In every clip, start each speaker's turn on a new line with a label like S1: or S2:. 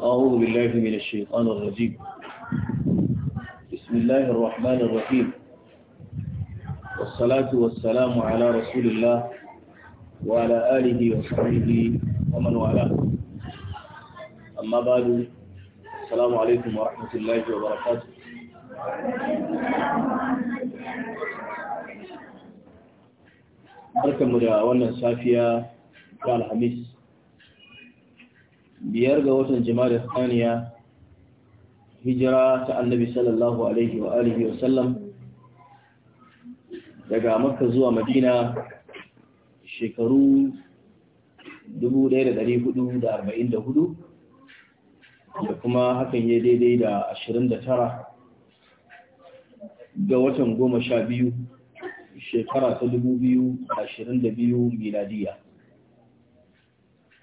S1: أعوذ بالله من الشيطان الرجيم بسم الله الرحمن الرحيم والصلاة والسلام على رسول الله وعلى آله وصحبه ومن والاه أما بعد السلام عليكم ورحمة الله وبركاته بركة da wannan قال حميس biyar ga watan jima'a saniya hijira ta annabi sallallahu alaihi wa alihi wa sallam daga makka zuwa madina shekaru 1444 da kuma hakan ya daidai da 29 ga watan goma sha biyu shekara ta 2022 miladiya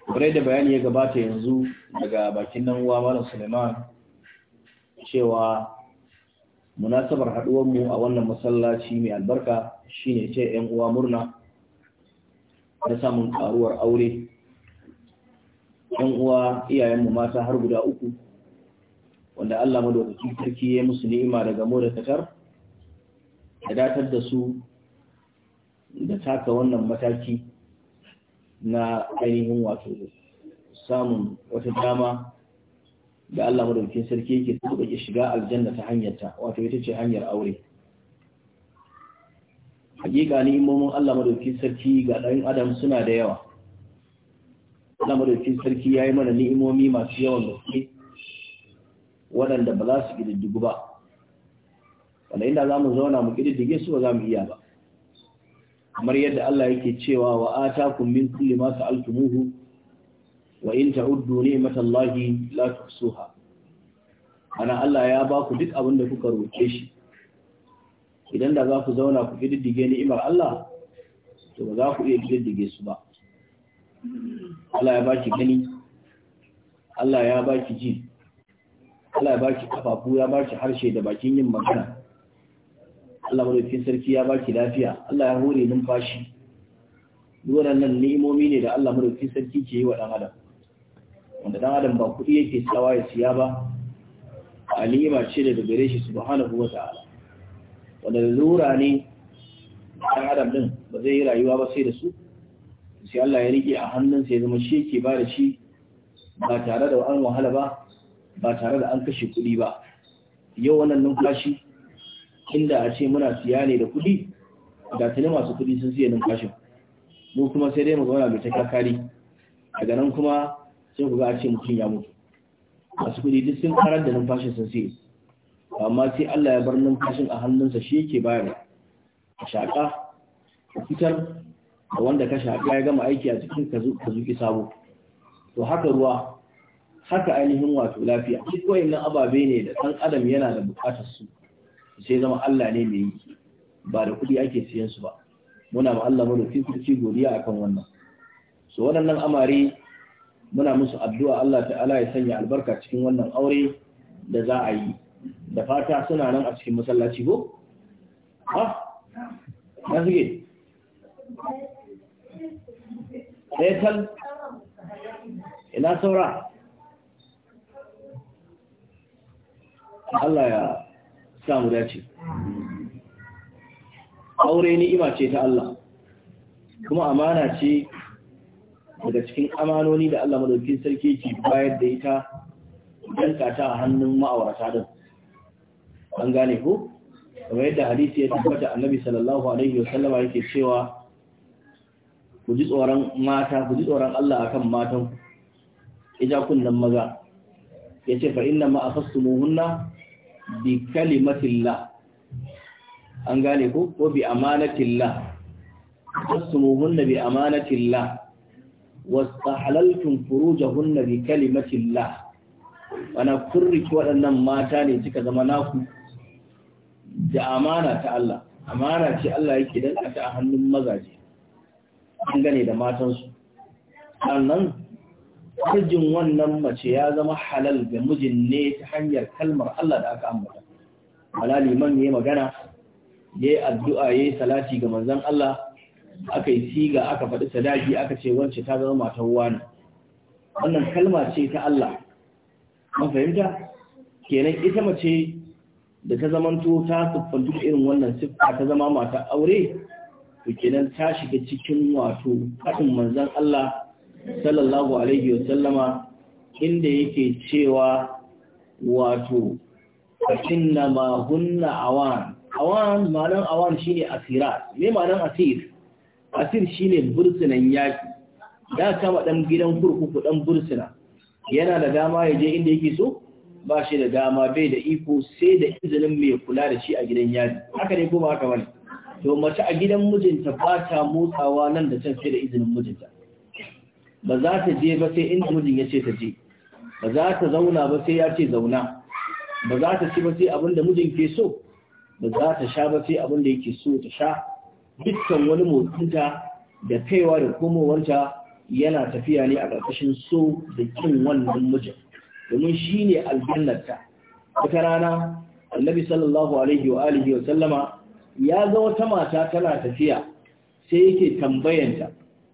S1: kurai da bayani ya gabata yanzu daga bakin nan uwa malam suleiman cewa munasabar haduwarmu a wannan masallaci mai albarka shine ce ‘yan uwa murna na samun ƙaruwar aure ‘yan uwa iyayenmu mata har guda uku wanda Allah madaukakin sarki ya musu ni'ima daga mu da takar da datar da su da taka wannan mataki na ainihin wato samun wata dama da Allah madaukin sarki yake tuba ya shiga aljanna ta hanyarta wato ita ce hanyar aure hakika ni imomin Allah madaukin sarki ga ɗan adam suna da yawa Allah madaukin sarki yayi mana ni'imomi masu yawan gaske waɗanda ba za su kididdigu ba wanda inda za mu zauna mu ƙididdige su ba za mu iya ba kamar yadda Allah yake cewa wa atakum min kulli ma sa'altumuhu wa in ta'uddu ni'matallahi la tuhsuha ana Allah ya ba ku duk abin da kuka roke shi idan da za ku zauna ku kididdige ni'imar Allah to ba za ku iya kididdige su ba Allah ya baki gani Allah ya baki ji Allah ya baki kafafu ya baki harshe da bakin yin magana Allah madaukakin sarki ya baki lafiya Allah ya hore numfashi duk waɗannan ni'imomi ne da Allah madaukakin sarki ke yi wa ɗan adam wanda dan adam ba kuɗi yake sawa ya siya ba alima ce da gare shi subhanahu wa ta'ala wanda lura ne dan adam din ba zai yi rayuwa ba sai da su sai Allah ya rike a hannunsa ya zama shi yake ba da shi ba tare da an wahala ba ba tare da an kashe kuɗi ba yau wannan numfashi inda a ce muna siya ne da kuɗi da tuni masu kuɗi sun siya numfashin mu kuma sai dai mu zauna mai ta kakari daga nan kuma sai ku ga a ce mutum ya mutu masu kuɗi duk sun karar da numfashin sun siya amma sai Allah ya bar numfashin a hannunsa shi yake bayarwa a shaƙa a fitar da wanda ka shaƙa ya gama aiki a cikin ka zuƙi sabo to haka ruwa haka ainihin wato lafiya duk wayannan ababe ne da ɗan adam yana da buƙatar su sai zama Allah ne mai yi ba da kuɗi ake siyan su ba muna ma Allah mana fifici godiya akan wannan so waɗannan amare muna musu addu'a Allah ta'ala ya sanya albarka cikin wannan aure da za a yi da fata suna nan a cikin masallaci ko
S2: ha na
S1: zige ina saura
S2: Allah ya
S1: samu mu dace aure ni'ima ce ta Allah kuma amana ce daga cikin amanoni da Allah madaukin sarki ke bayar da ita danka ta a hannun ma'aurata din an gane ko kuma yadda hadisi ya tabbata annabi sallallahu alaihi yake cewa ku ji tsoron mata ku ji tsoron Allah akan matan ku ija nan maza yace fa inna ma afassumuhunna bi kalimatillah an gane ko ko bi amanatillah wasmuhunna bi amanatillah wastahalaltum furujahunna bi kalimatillah wana furriki waɗannan mata ne suka zama naku da amana ta Allah amana ce Allah yake danka ta a hannun mazaje an gane da matansu sannan farjin wannan mace ya zama halal ga mijin ne ta hanyar kalmar Allah da aka ambata Halali liman yayi magana yayi addu'a yayi salati ga manzon Allah aka yi siga aka faɗi sadaki aka ce wance ta zama matan wani wannan kalma ce ta Allah mun fahimta kenan ita mace da ta zamanto ta siffantu irin wannan siffa ta zama mata aure to kenan ta shiga cikin wato faɗin manzon Allah sallallahu alaihi wasallama inda yake cewa wato inna ma hunna awan awan malan awan shine asira, me malan asir asir shine bursunan yaki da kama dan gidan kurkuku dan bursuna yana da dama yaje inda yake so ba shi da dama bai da iko sai da izinin mai kula da shi a gidan yaki haka ne kuma haka wani to mace a gidan mijinta ba ta motsawa nan da can sai da izinin mijinta ba za ta je ba sai inda mijin ya ce ta je ba za ta zauna ba sai ya ce zauna ba za ta ci ba sai abin da mijin ke so ba za ta sha ba sai abin da yake so ta sha dukkan wani motsinta da kaiwa da komowarta yana tafiya ne a ƙarƙashin so da kin wannan mijin domin shi ne aljannarta wata rana annabi sallallahu alaihi wa alihi wa sallama ya ga wata mata tana tafiya sai yake tambayanta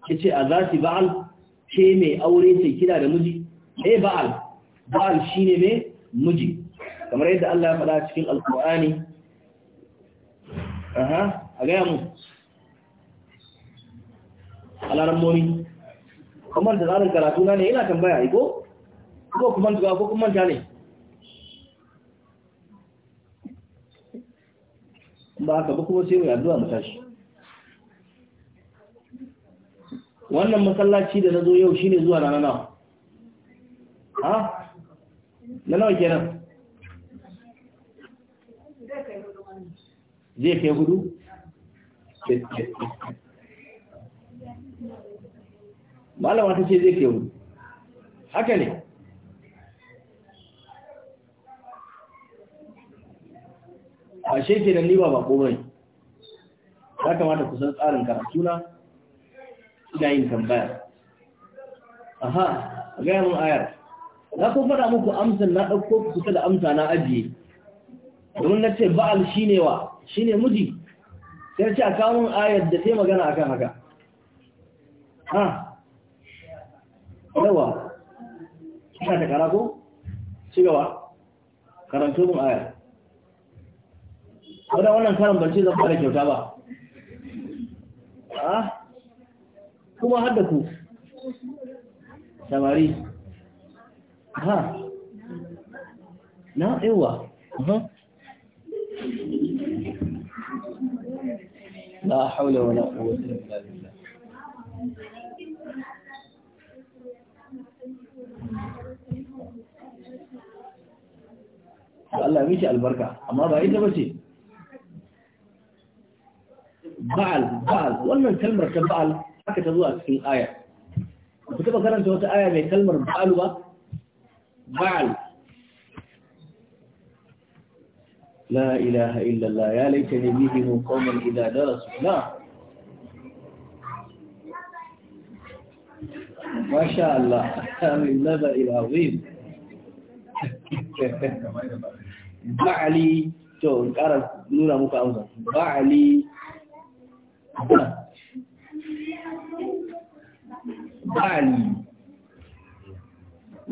S1: yace a zati ba'al ke mai aure ce kira da miji eh ba'al ba'al shine mai miji kamar yadda Allah ya faɗa cikin alqur'ani aha a ga mu alaran momi kamar da zarin karatu na ne ina tambaya iko ko kuma tuga ko kuma ta ne ba ka ba kuma sai mu addu'a mu tashi wannan masallaci da na zo yau shine zuwa rana nawa ha na nawa kenan zai kai hudu malama ta ce zai kai hudu haka ne a shekinan ni ba komai bai ya kamata kusan tsarin karatuna suna yin tambaya aha a gaya mun ayar na kuma faɗa muku amsan na ɗauko kusa da amsa na ajiye domin na ce ba'al shi ne wa shi ne miji sai ce a kawo ayar da sai magana akan haka ha yawa kika ta kara ko cigaba karanto mun ayar wadda wannan karan ban ce zan fara kyauta ba ah kuma har da ku samari ha na yawa
S2: la haula wala quwwata illa billah
S1: Allah ya miki albarka amma ba ita ce ba'al ba'al wannan kalmar ta ba'al haka ta zuwa cikin aya ku taɓa karanta wata aya mai kalmar ba'al ba ba'al لا إله إلا الله يا ليتني بهم قوما إذا درسوا لا
S2: ما شاء الله من
S1: النبأ العظيم بعلي تو قرأ نورا مكا أوزا بعلي bali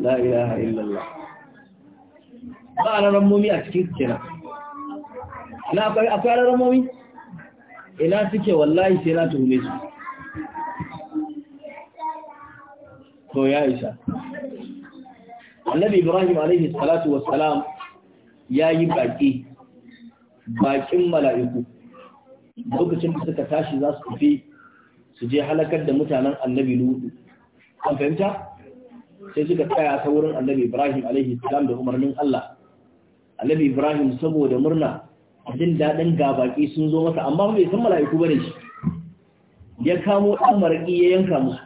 S1: la ilaha illallah ba a rarammomi a cikin kira na akwai rarammomi ina suke wallahi sai na tuhume su to ya isa annabi ibrahim alaihi salatu salam, ya yi baki bakin mala'iku lokacin da suka tashi za su tafi su je halakar da mutanen annabi lutu an fahimta sai suka tsaya ta wurin annabi ibrahim alaihi salam da umarnin allah annabi ibrahim saboda murna jin daɗin baƙi sun zo masa amma bai san mala'iku bane shi ya kamo ɗan maraƙi ya yanka musu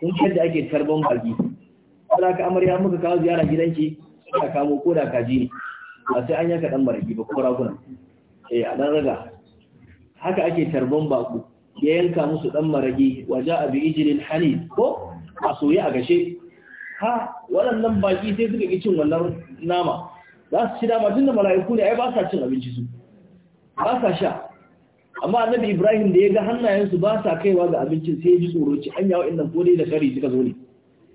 S1: in yadda ake tarban baƙi. kada ka amarya muka kawo ziyara gidanki ka kamo ko da kaji ne ba sai an yanka ɗan maraƙi ba ko raguna eh a ɗan raga haka ake tarban baƙo ya yanka musu ɗan maraƙi waje a bi ijilin hanif ko a soye a gashe ha waɗannan baki sai suka ki cin wannan nama za su ci dama tun da mala'iku ne ai ba sa cin abinci su ba sa sha amma annabi ibrahim da ya ga hannayensu ba sa kaiwa ga abincin sai ya ji tsoro ci an yawa inda ko dai da kari suka zo ne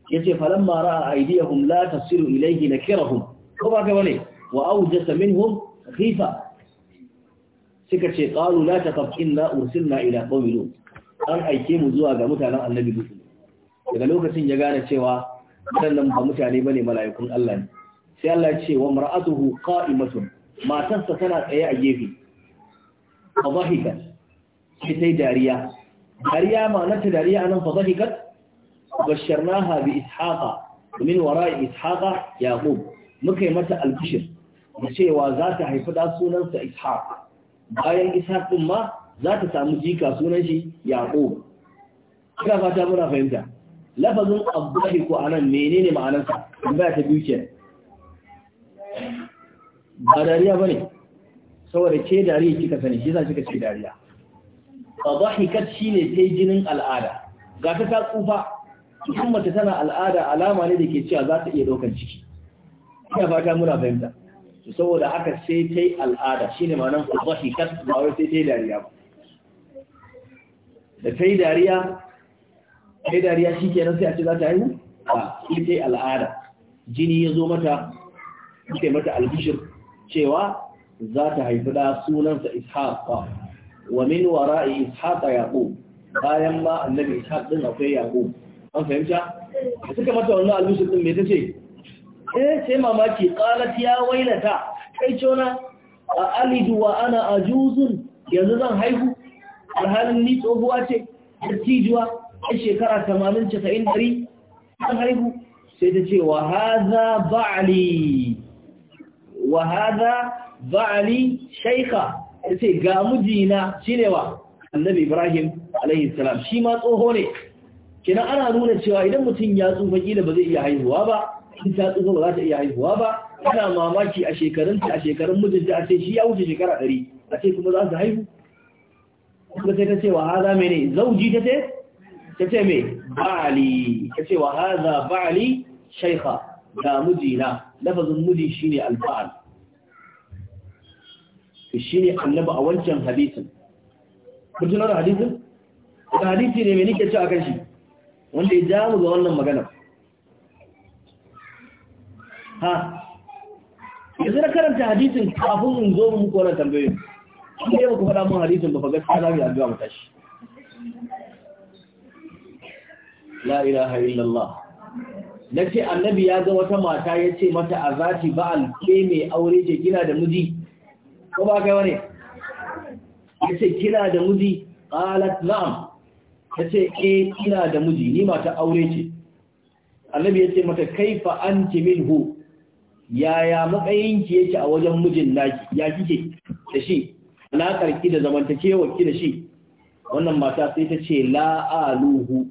S1: ya ce falan mara a aidiyahum la tasiru ilaihi na kirahum ko ba kai bane wa aujasa minhum khifa suka ce qalu la taqaf inna ursilna ila an aike mu zuwa ga mutanen annabi lut daga lokacin ya gane cewa waɗannan ba mutane bane mala'ikun Allah ne sai Allah ya ce wa mar'atuhu qa'imatun matarsa tana tsaye a gefe fa dhahikat sai tai dariya dariya ma'anar ta dariya anan fa dhahikat basharnaha bi ishaqa min wara'i ishaqa yaqub muka yi mata albishir da cewa za ta haifi da sunansa ishaq bayan ishaq din ma za ta samu jika sunan shi yaqub ina fata muna fahimta lafazin Abdullahi ko anan menene ma'anarsa ba ta dukiya. ba dariya bane saboda ce dariya kika sani shi yasa ka ce dariya fadahikat shine sai jinin al'ada ga ta ta tsufa cikin mace tana al'ada alama ne da ke cewa za ta iya ɗaukar ciki ina fata muna fahimta to saboda haka sai ta yi al'ada shi ne ma'anar fadahikat ba wai sai ta yi dariya ba da ta yi dariya sai dariya shi nan sai a ce za ta haihu a ita al'ada jini ya zo mata ita mata albishir cewa za ta haifi da sunansa ishaƙa wa min wara'i ishaqa yaƙo. bayan ma annabi ishaq ɗin akwai yaƙo. an fahimta
S2: da suka mata
S1: wannan albishir ɗin me ce? eh sai mamaki ƙalat ya wailata kai cona a alidu wa ana ajuzun yanzu zan haihu alhalin ni tsohuwa ce dattijuwa ai shekara 80 90 100 an haihu sai ta ce wa hadha ba'li wa hadha ba'li shaykha sai ga mijina shine wa annabi ibrahim alaihi shi ma tsoho ne kina ana nuna cewa idan mutum ya tsufa kila ba zai iya haihuwa ba in ta tsufa ba za ta iya haihuwa ba ana mamaki a shekarun a shekarun mijinta a ce shi ya wuce shekara ɗari a ce kuma za su haihu kuma sai ta ce wa haza mene zauji ta ce ta ce mai ba'ali Ka ce wa haza ba'ali shaikha ga mijina lafazin miji shine alba'al shine annaba a wancan hadisin kujinar hadisin da hadisi ne mai nike ci a shi wanda ya ja mu ga wannan magana ha yanzu na karanta hadisin kafin in zo mu muku wannan tambayoyin kuma yau ku faɗa mun hadisin ba fa gaskiya za mu yi addu'a la ilaha illallah na ce annabi ya ga wata mata ya ce mata a zati ba'al ke mai aure ce gina da muji? ko ba kai wane ya ce kina da muji qalat na'am ya ce eh kina da muji ni mata aure ce annabi ya ce mata kaifa anti minhu yaya matsayinki yake a wajen mijin naki ya kike da shi alaƙar ki da zamantakewa ki da shi wannan mata sai ta ce la'aluhu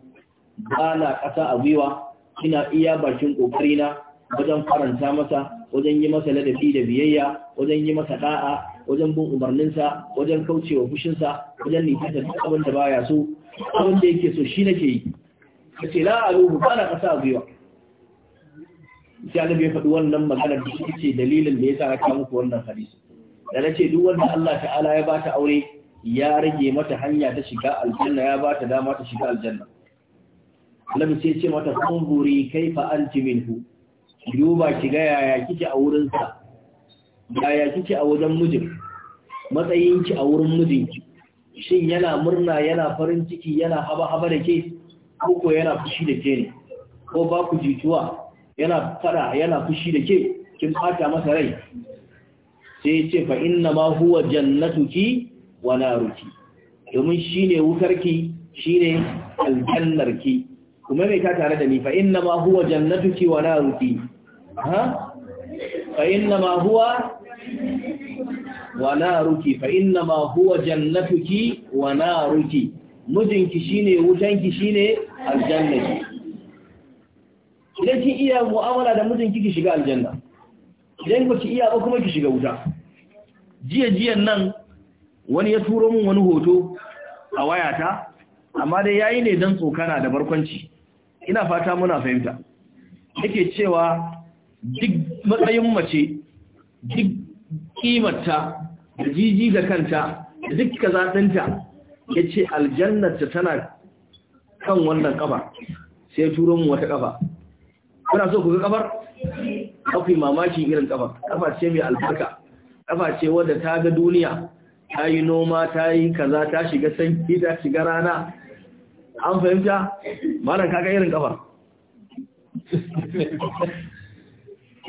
S1: ba kasa a gwiwa ina iya bakin ƙoƙarina wajen faranta masa wajen yi masa ladabi da biyayya wajen yi masa da'a wajen bin umarninsa wajen kaucewa fushinsa wajen nita duk abin da baya so abin da yake so shi nake yi ka ce la aluhu ba na ƙasa a gwiwa sai ya faɗi wannan maganar da shi ce dalilin da ya sa aka muku wannan hadisi da na ce duk wanda Allah ta'ala ya ba ta aure ya rage mata hanya ta shiga aljanna ya ba ta dama ta shiga aljanna annabi sai ce mata kunzuri kaifa anti minhu duba ki ga yaya kike a wurin sa yaya kike a wajen mijin ki a wurin mijinki shin yana murna yana farin ciki yana haba haba da ke ko yana fushi da ke ne ko ba ku jituwa yana fada yana fushi da ke kin fata masa rai sai ce fa inna ma huwa jannatuki wa naruki domin shine wukarki shine aljannarki kuma mai ta tare da ni fa inna ma huwa jannatuki wa naruki ha
S2: fa inna ma huwa wa
S1: naruki fa inna ma huwa jannatuki wa naruki mujinki shine wutanki shine aljannaki idan ki iya mu'amala da mujinki ki shiga aljanna idan ba ki iya ba kuma ki shiga wuta jiya jiyan nan wani ya turo min wani hoto a wayata amma dai yayi ne dan tsokana da barkwanci ina fata muna fahimta yake cewa duk matsayin mace duk kimarta da jiji da kanta da duk kazaɗinta ya ce aljannarta tana kan wannan ƙafa sai turo wata ƙafa kuna so kuka ƙafar? ƙafi mamaki irin ƙafa. ƙafa ce mai albarka ƙafa ce wadda ta ga duniya ta yi noma ta yi kaza ta shiga sanki ta shiga rana an fahimta malam kaga irin kafa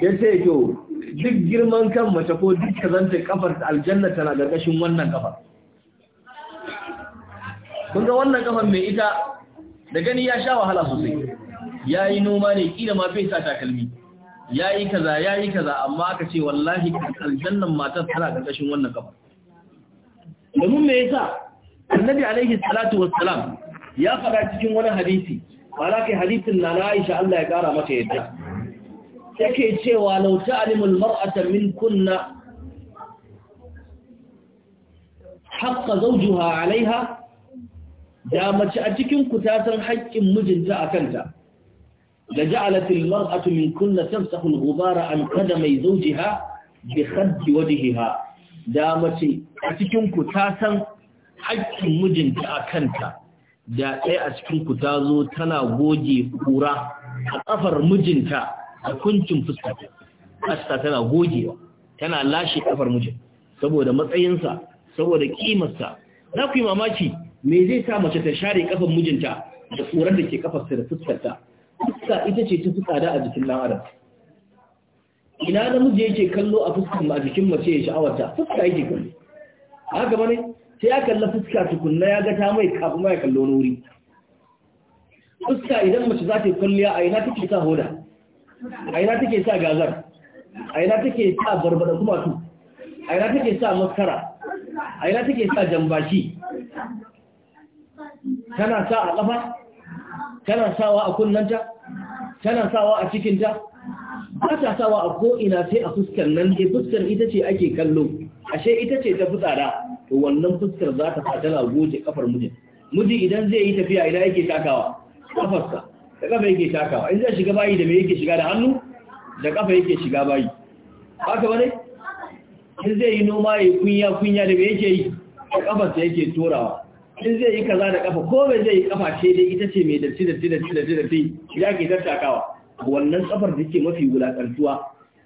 S1: ya ce to duk girman kan mace ko duk kazanta kafar aljanna tana gargashin wannan kafa kun ga wannan kafan mai ita da gani ya sha wahala sosai ya yi noma ne kila ma bai sa takalmi ya yi kaza ya yi kaza amma aka ce wallahi aljannan matar tana gargashin wannan kafa domin me yasa annabi alaihi salatu wassalam ya faɗa cikin wani hadisi mana hadisin na Aisha Allah ya kara mata yadda yake cewa law ta'limul mar'ata min kunna haqqa zawjiha 'alayha da mace a cikin ku ta san haƙƙin mijinta a kanta da ja'alat al mar'atu min kunna tamsahu al ghubara an qadamay zawjiha bi khaddi wajhiha da mace a cikin ku ta san haƙƙin mijinta a kanta da ɗaya a cikin ku ta zo tana goge kura a ƙafar mijinta a kuncin fuska fuskata tana gogewa tana lashe ƙafar mijin saboda matsayinsa saboda ƙimarsa na ku yi mamaki me zai sa mace ta share ƙafar mijinta da tsoron da ke ƙafarsa da fuskarta fuska ita ce ta fi tsada a jikin ɗan adam ina namiji yake kallo a fuskar a jikin mace ya sha'awarta fuska yake kallo haka ba ne sai ya kalla fuska tukunna ya ga ta mai kafin ma ya kallo nuri wuri fuska idan mace za ta yi kwalliya a ina take sa hoda a ina take sa gazar a ina take sa barbada kumatu a ina take sa maskara a ina take sa jambashi
S2: tana sa a kafa
S1: tana sawa a kunnanta tana sawa a cikinta ba ta sawa a ko'ina sai a fuskar nan ke? fuskar ita ce ake kallo ashe ita ce ta fi tsada to wannan fuskar za ta sa tana goje kafar mijin miji idan zai yi tafiya idan yake takawa kafarsa da kafa yake takawa in zai shiga bayi da me yake shiga da hannu da kafa yake shiga bayi haka bane in zai yi noma ya kunya kunya da me yake yi da kafarsa yake torawa in zai yi kaza da kafa ko me zai yi kafa ce dai ita ce mai dace da dace da dace idan ke takawa? wannan kafar da yake mafi wulakantuwa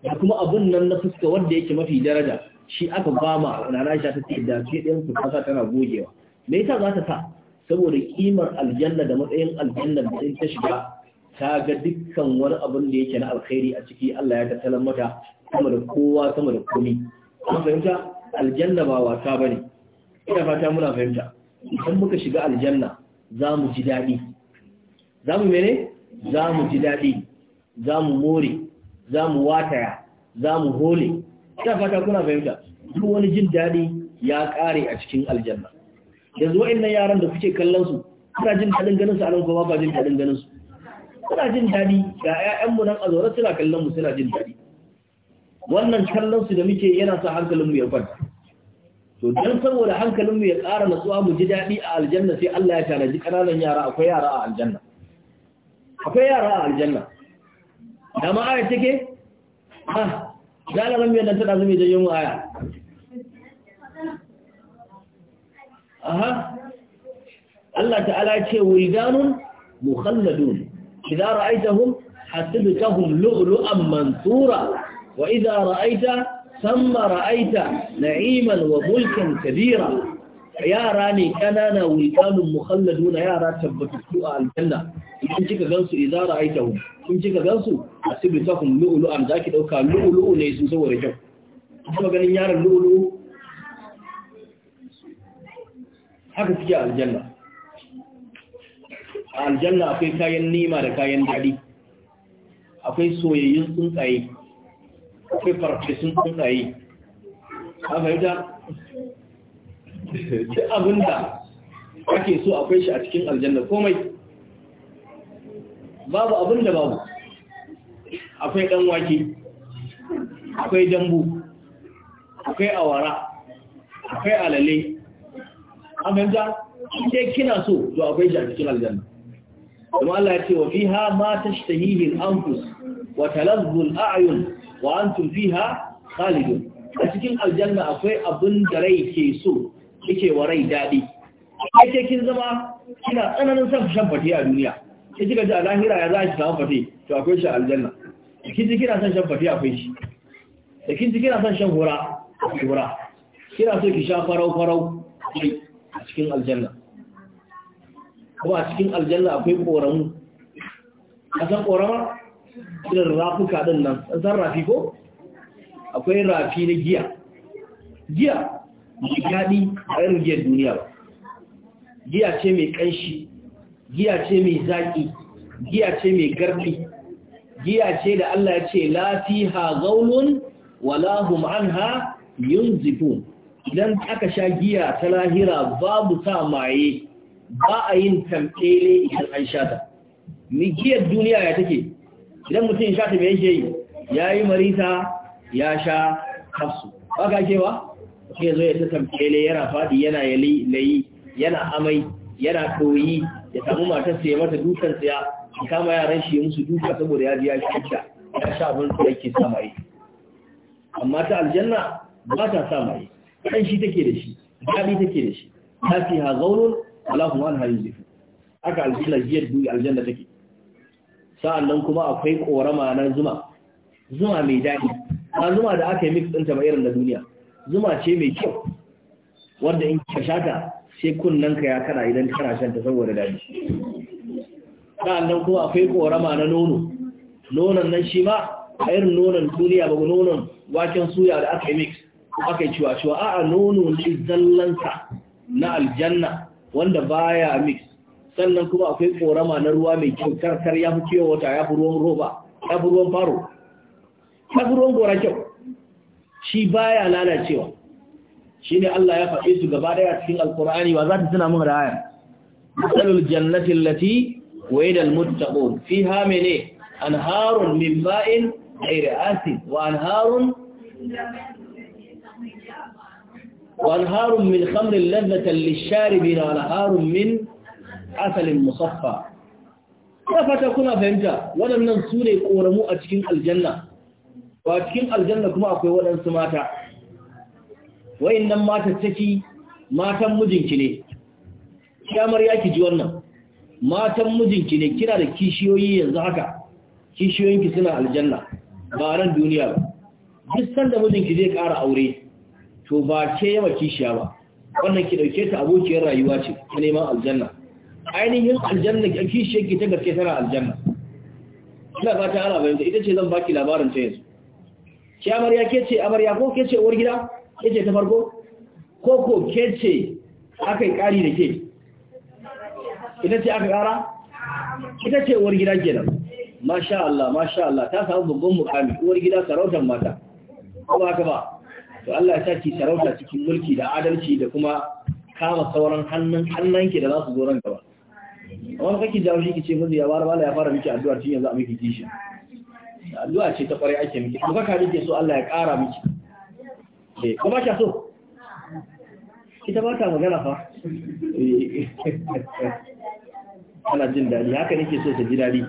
S1: da kuma abun nan na fuska wanda yake mafi daraja shi aka bama na Aisha ta ce da ɗin su kasa tana gogewa me yasa za ta sa saboda kimar aljanna da matsayin aljanna da ta shiga ta ga dukkan wani abin da yake na alkhairi a ciki Allah ya tattalin mata sama da kowa sama da komi Kuma fahimta aljanna ba wasa bane ina fata muna fahimta idan muka shiga aljanna za mu ji daɗi za mu mene za mu ji daɗi za mu more za mu wataya za mu hole ta fata kuna fahimta duk wani jin daɗi ya ƙare a cikin aljanna yanzu wa'annan yaran da kuke kallon su kuna jin daɗin ganin su a nan kuma ba jin daɗin ganin su kuna jin daɗi ga mu nan a zaure suna kallon mu suna jin daɗi wannan kallon su da muke yana sa hankalin mu ya kwanta to dan saboda hankalin mu ya ƙara natsuwa mu ji daɗi a aljanna sai Allah ya tanaji ƙananan yara akwai yara a aljanna akwai yara a aljanna da ma take ah gane ran mai nan ta ɗazu mai janyo mu aya aha Allah ta'ala ce wildanun mukhalladun idza ra'aytahum hasibtahum lu'lu'an mansura wa idza ra'aita thumma ra'aita na'iman wa mulkan kabira yara ne kanana wildanun mukhalladun yara tabbatu a aljanna idan kika gansu idza ra'aytahum kun ji ka gansu a sibi ta lu'ulu lu'ulu'an za ki ɗauka lu'ulu ne sun saboda kyau kuma ganin yaron lu'ulu haka suke a aljanna a aljanna akwai kayan nima da kayan daɗi akwai soyayyun tsuntsaye akwai farfesun tsuntsaye a fahimta duk abinda ake so akwai shi a cikin aljanna komai babu abin da babu akwai ɗanwake, akwai dambu akwai awara akwai alale amince sai kina so to akwai shi aljanna kuma Allah ya ce wa fiha ma tashtahihi al-anfus wa talazzu al-a'yun wa antum fiha khalidun a cikin aljanna akwai abin da rai ke so yake wa rai dadi sai kin zama kina tsananin san shan fatiya a duniya ki kika ji a lahira ya za ki samu fate to akwai shi aljanna da kin ji kina son shan fate akwai shi da kin ji kina son shan hura akwai hura kina so ki sha farau farau a cikin aljanna kuma a cikin aljanna akwai koramu a san korama irin rafuka din nan san rafi ko akwai rafi na giya giya mai gadi a irin giyar duniya ba giya ce mai kanshi giya ce mai zaƙi giya ce mai garfi, giya ce da Allah ya ce la fiha gaulun wala hum anha idan aka sha giya ta lahira babu sa maye ba a yin tamkele idan an sha ta giyar duniya ya take idan mutum sha ta mai yake yi yayi marita ya sha kafsu ba ka kewa zo ya ta tamkele yana faɗi yana yali layi yana amai yana koyi ya samu matar ya mata dukan tsaya ya kama yaran shi ya musu duka saboda ya biya shi ya sha abin da yake sa amma ta aljanna ba ta sa mai kan shi take da shi dadi take da shi ta fi ha zaunun wala hum anha haka aljanna jiyar duk aljanna take sa'annan kuma akwai korama na zuma zuma mai daɗi ba zuma da aka yi mix ɗinta ba irin na duniya zuma ce mai kyau wanda in ka shata sai kunnanka ya kana idan kana shan ta saboda daji sa'annan kuma akwai korama na nono nonon nan shi ma a irin nonon duniya ba nonon waken suya da aka yi mix aka yi ciwa ciwa a'a nono ne zallansa na aljanna wanda baya mix sannan kuma akwai korama na ruwa mai kyau karkar ya fi kewa wata ya fi ruwan roba ya ruwan faro ya ruwan gora kyau shi baya lalacewa shine Allah ya faɗi su gaba ɗaya cikin alqur'ani ba za ta tuna mun da ayar masalul jannati allati wa'ida almuttaqun fiha mene anharun min ma'in ghayri asin wa anharun وأنهار من خمر لذة للشاربين وأنهار من عسل مصفى ya fata kuna fahimta waɗannan su ne ƙoramu a cikin aljanna ba cikin aljanna kuma akwai waɗansu mata wayannan matattaki matan mijinki ne kyamar ya ki ji wannan matan mijinki ne kina da kishiyoyi yanzu haka kishiyoyinki suna aljanna ba ran duniya ba duk sanda mijinki zai ƙara aure to ba ke yawa kishiya ba wannan ki dauke ta abokiyar rayuwa ce ta neman aljanna ainihin aljanna kishiyar ki ta gaske tana aljanna ina fata ana bayyana ita ce zan baki labarin ta yanzu ki ya ke ce amarya ko ke ce uwar gida ke ce ta farko ko ko ke ce aka yi ƙari da ke ita ce aka ƙara ita ce uwar gida nan? masha Allah masha Allah ta samu babban mukami uwar gida sarautar mata ko haka ba to Allah ya saki sarauta cikin mulki da adalci da kuma kama sauran hannun hannanki da za su zo ran gaba amma kake jawo shi kice mazi ya bara bala ya fara miki addu'a tun yanzu a miki kishi addu'a ce ta kwarai ake miki kuma kaka rike so Allah ya ƙara miki eh kuma sha so ita ba ta magana fa eh, ana jin daɗi haka nake so ta ji daɗi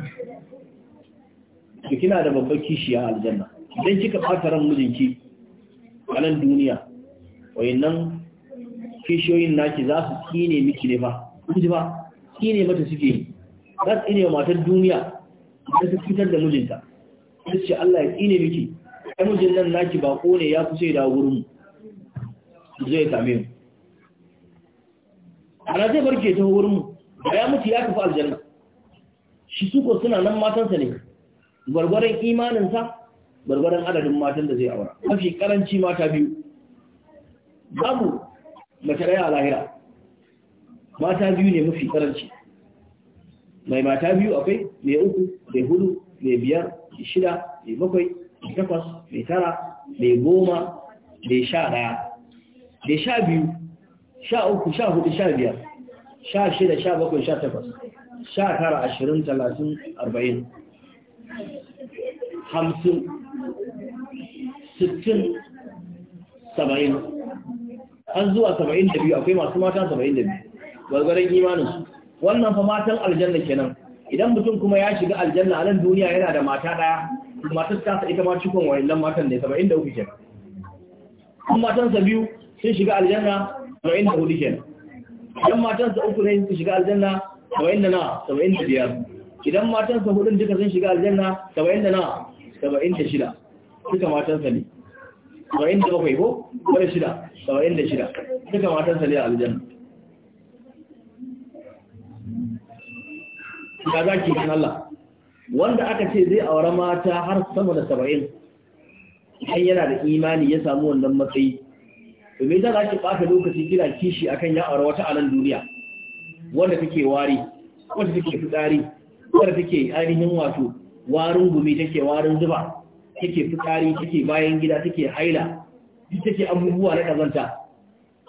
S1: to kina da babbar kishi a aljanna idan kika ɓata ran mijinki a nan duniya wayannan kishiyoyin naki za su kine miki ne ba kuji ba kine mata suke za su kine matan duniya da su fitar da mijinta ta ce Allah ya kine miki ai mijin nan naki bako ne ya kusa da wurin zai same mu ana zai barke ta wurin mu da ya mutu ya tafi aljanna shi suko suna nan matansa ne gwargwaran imaninsa gwargwaran adadin matan da zai aura mafi karanci mata biyu babu mace ɗaya a lahira mata biyu ne mafi karanci mai mata biyu akwai mai uku mai hudu mai biyar mai shida mai bakwai mai takwas mai tara mai goma mai sha daya mai sha biyu sha uku sha hudu sha biyar sha shida sha bakwai sha takwas sha tara ashirin talatin arba'in
S2: hamsin sittin saba'in an zuwa saba'in da biyu
S1: akwai masu mata saba'in da biyu gwargwaron imaninsu wannan fa matan aljanna kenan idan mutum kuma ya shiga aljanna a nan duniya yana da mata ɗaya matar ta ita ma cikon wayannan matan ne uku kenan kuma matansa biyu sun shiga aljanna hudu kenan idan matansa uku ne sun shiga aljanna 70 na biyar. idan matansa hudun duka sun shiga aljanna 70 na 76 duka matansa ne bakwai ko wani shida shida, duka matansa ne a aljanna
S2: ya zaki kan Allah wanda aka
S1: ce zai aure mata har sama da saba'in idan yana da imani ya samu wannan matsayi to me za ki ɓata lokaci kira kishi akan ya aure wata a nan duniya wanda take wari wanda take fitsari wanda take ainihin wato warin gumi take warin zuba take fitsari take bayan gida take haila take abubuwa na kazanta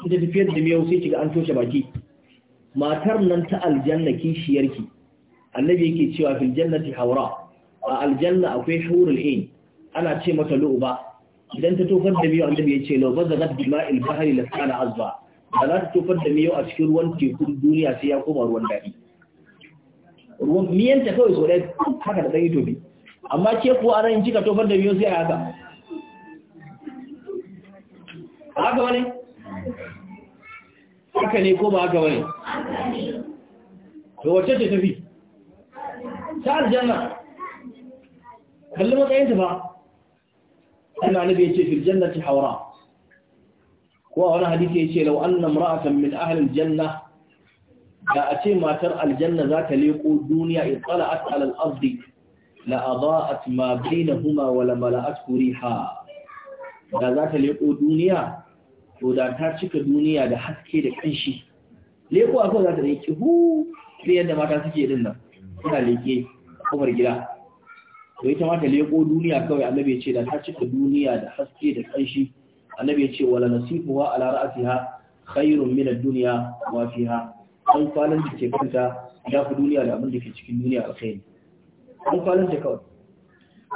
S1: ita tafiyar da miyau sai kiga an toshe baki matar nan ta aljanna kishiyarki annabi yake cewa fil jannati hawra a aljanna akwai hurul ain ana ce mata lu'ba idan ta tofar da miyo annabi yace law bazagat bima'il bahri la kana azba ba ta tofar da miyo a cikin ruwan tekun duniya sai ya koma ruwan dadi ruwan miyan ta kawai so dai haka da dai tobi amma ke ko a ran tofar da miyo sai haka haka wani haka ne ko ba haka wani to wacce ce tafi ta aljanna kalli matsayin ta ba Allah nabi yace fil jannati hawra ko wani hadisi yace law anna imra'atan min ahli aljanna da a ce matar aljanna za ta leko duniya in tsala'at alal ardi la adaat ma bainahuma wa la mala'at riha da za ta leko duniya to da ta cika duniya da haske da kanshi leko akwai za ta leki hu sai yadda mata suke din nan tana leke umar gida to ita ma leko duniya kawai annabi ya ce da ta cika duniya da haske da kanshi annabi ya ce wala nasifuha ala ra'siha khairun min ad-dunya wa fiha an kwalan da ke kanta ya fi duniya da abin da ke cikin duniya alkhairi an kwalan da kawai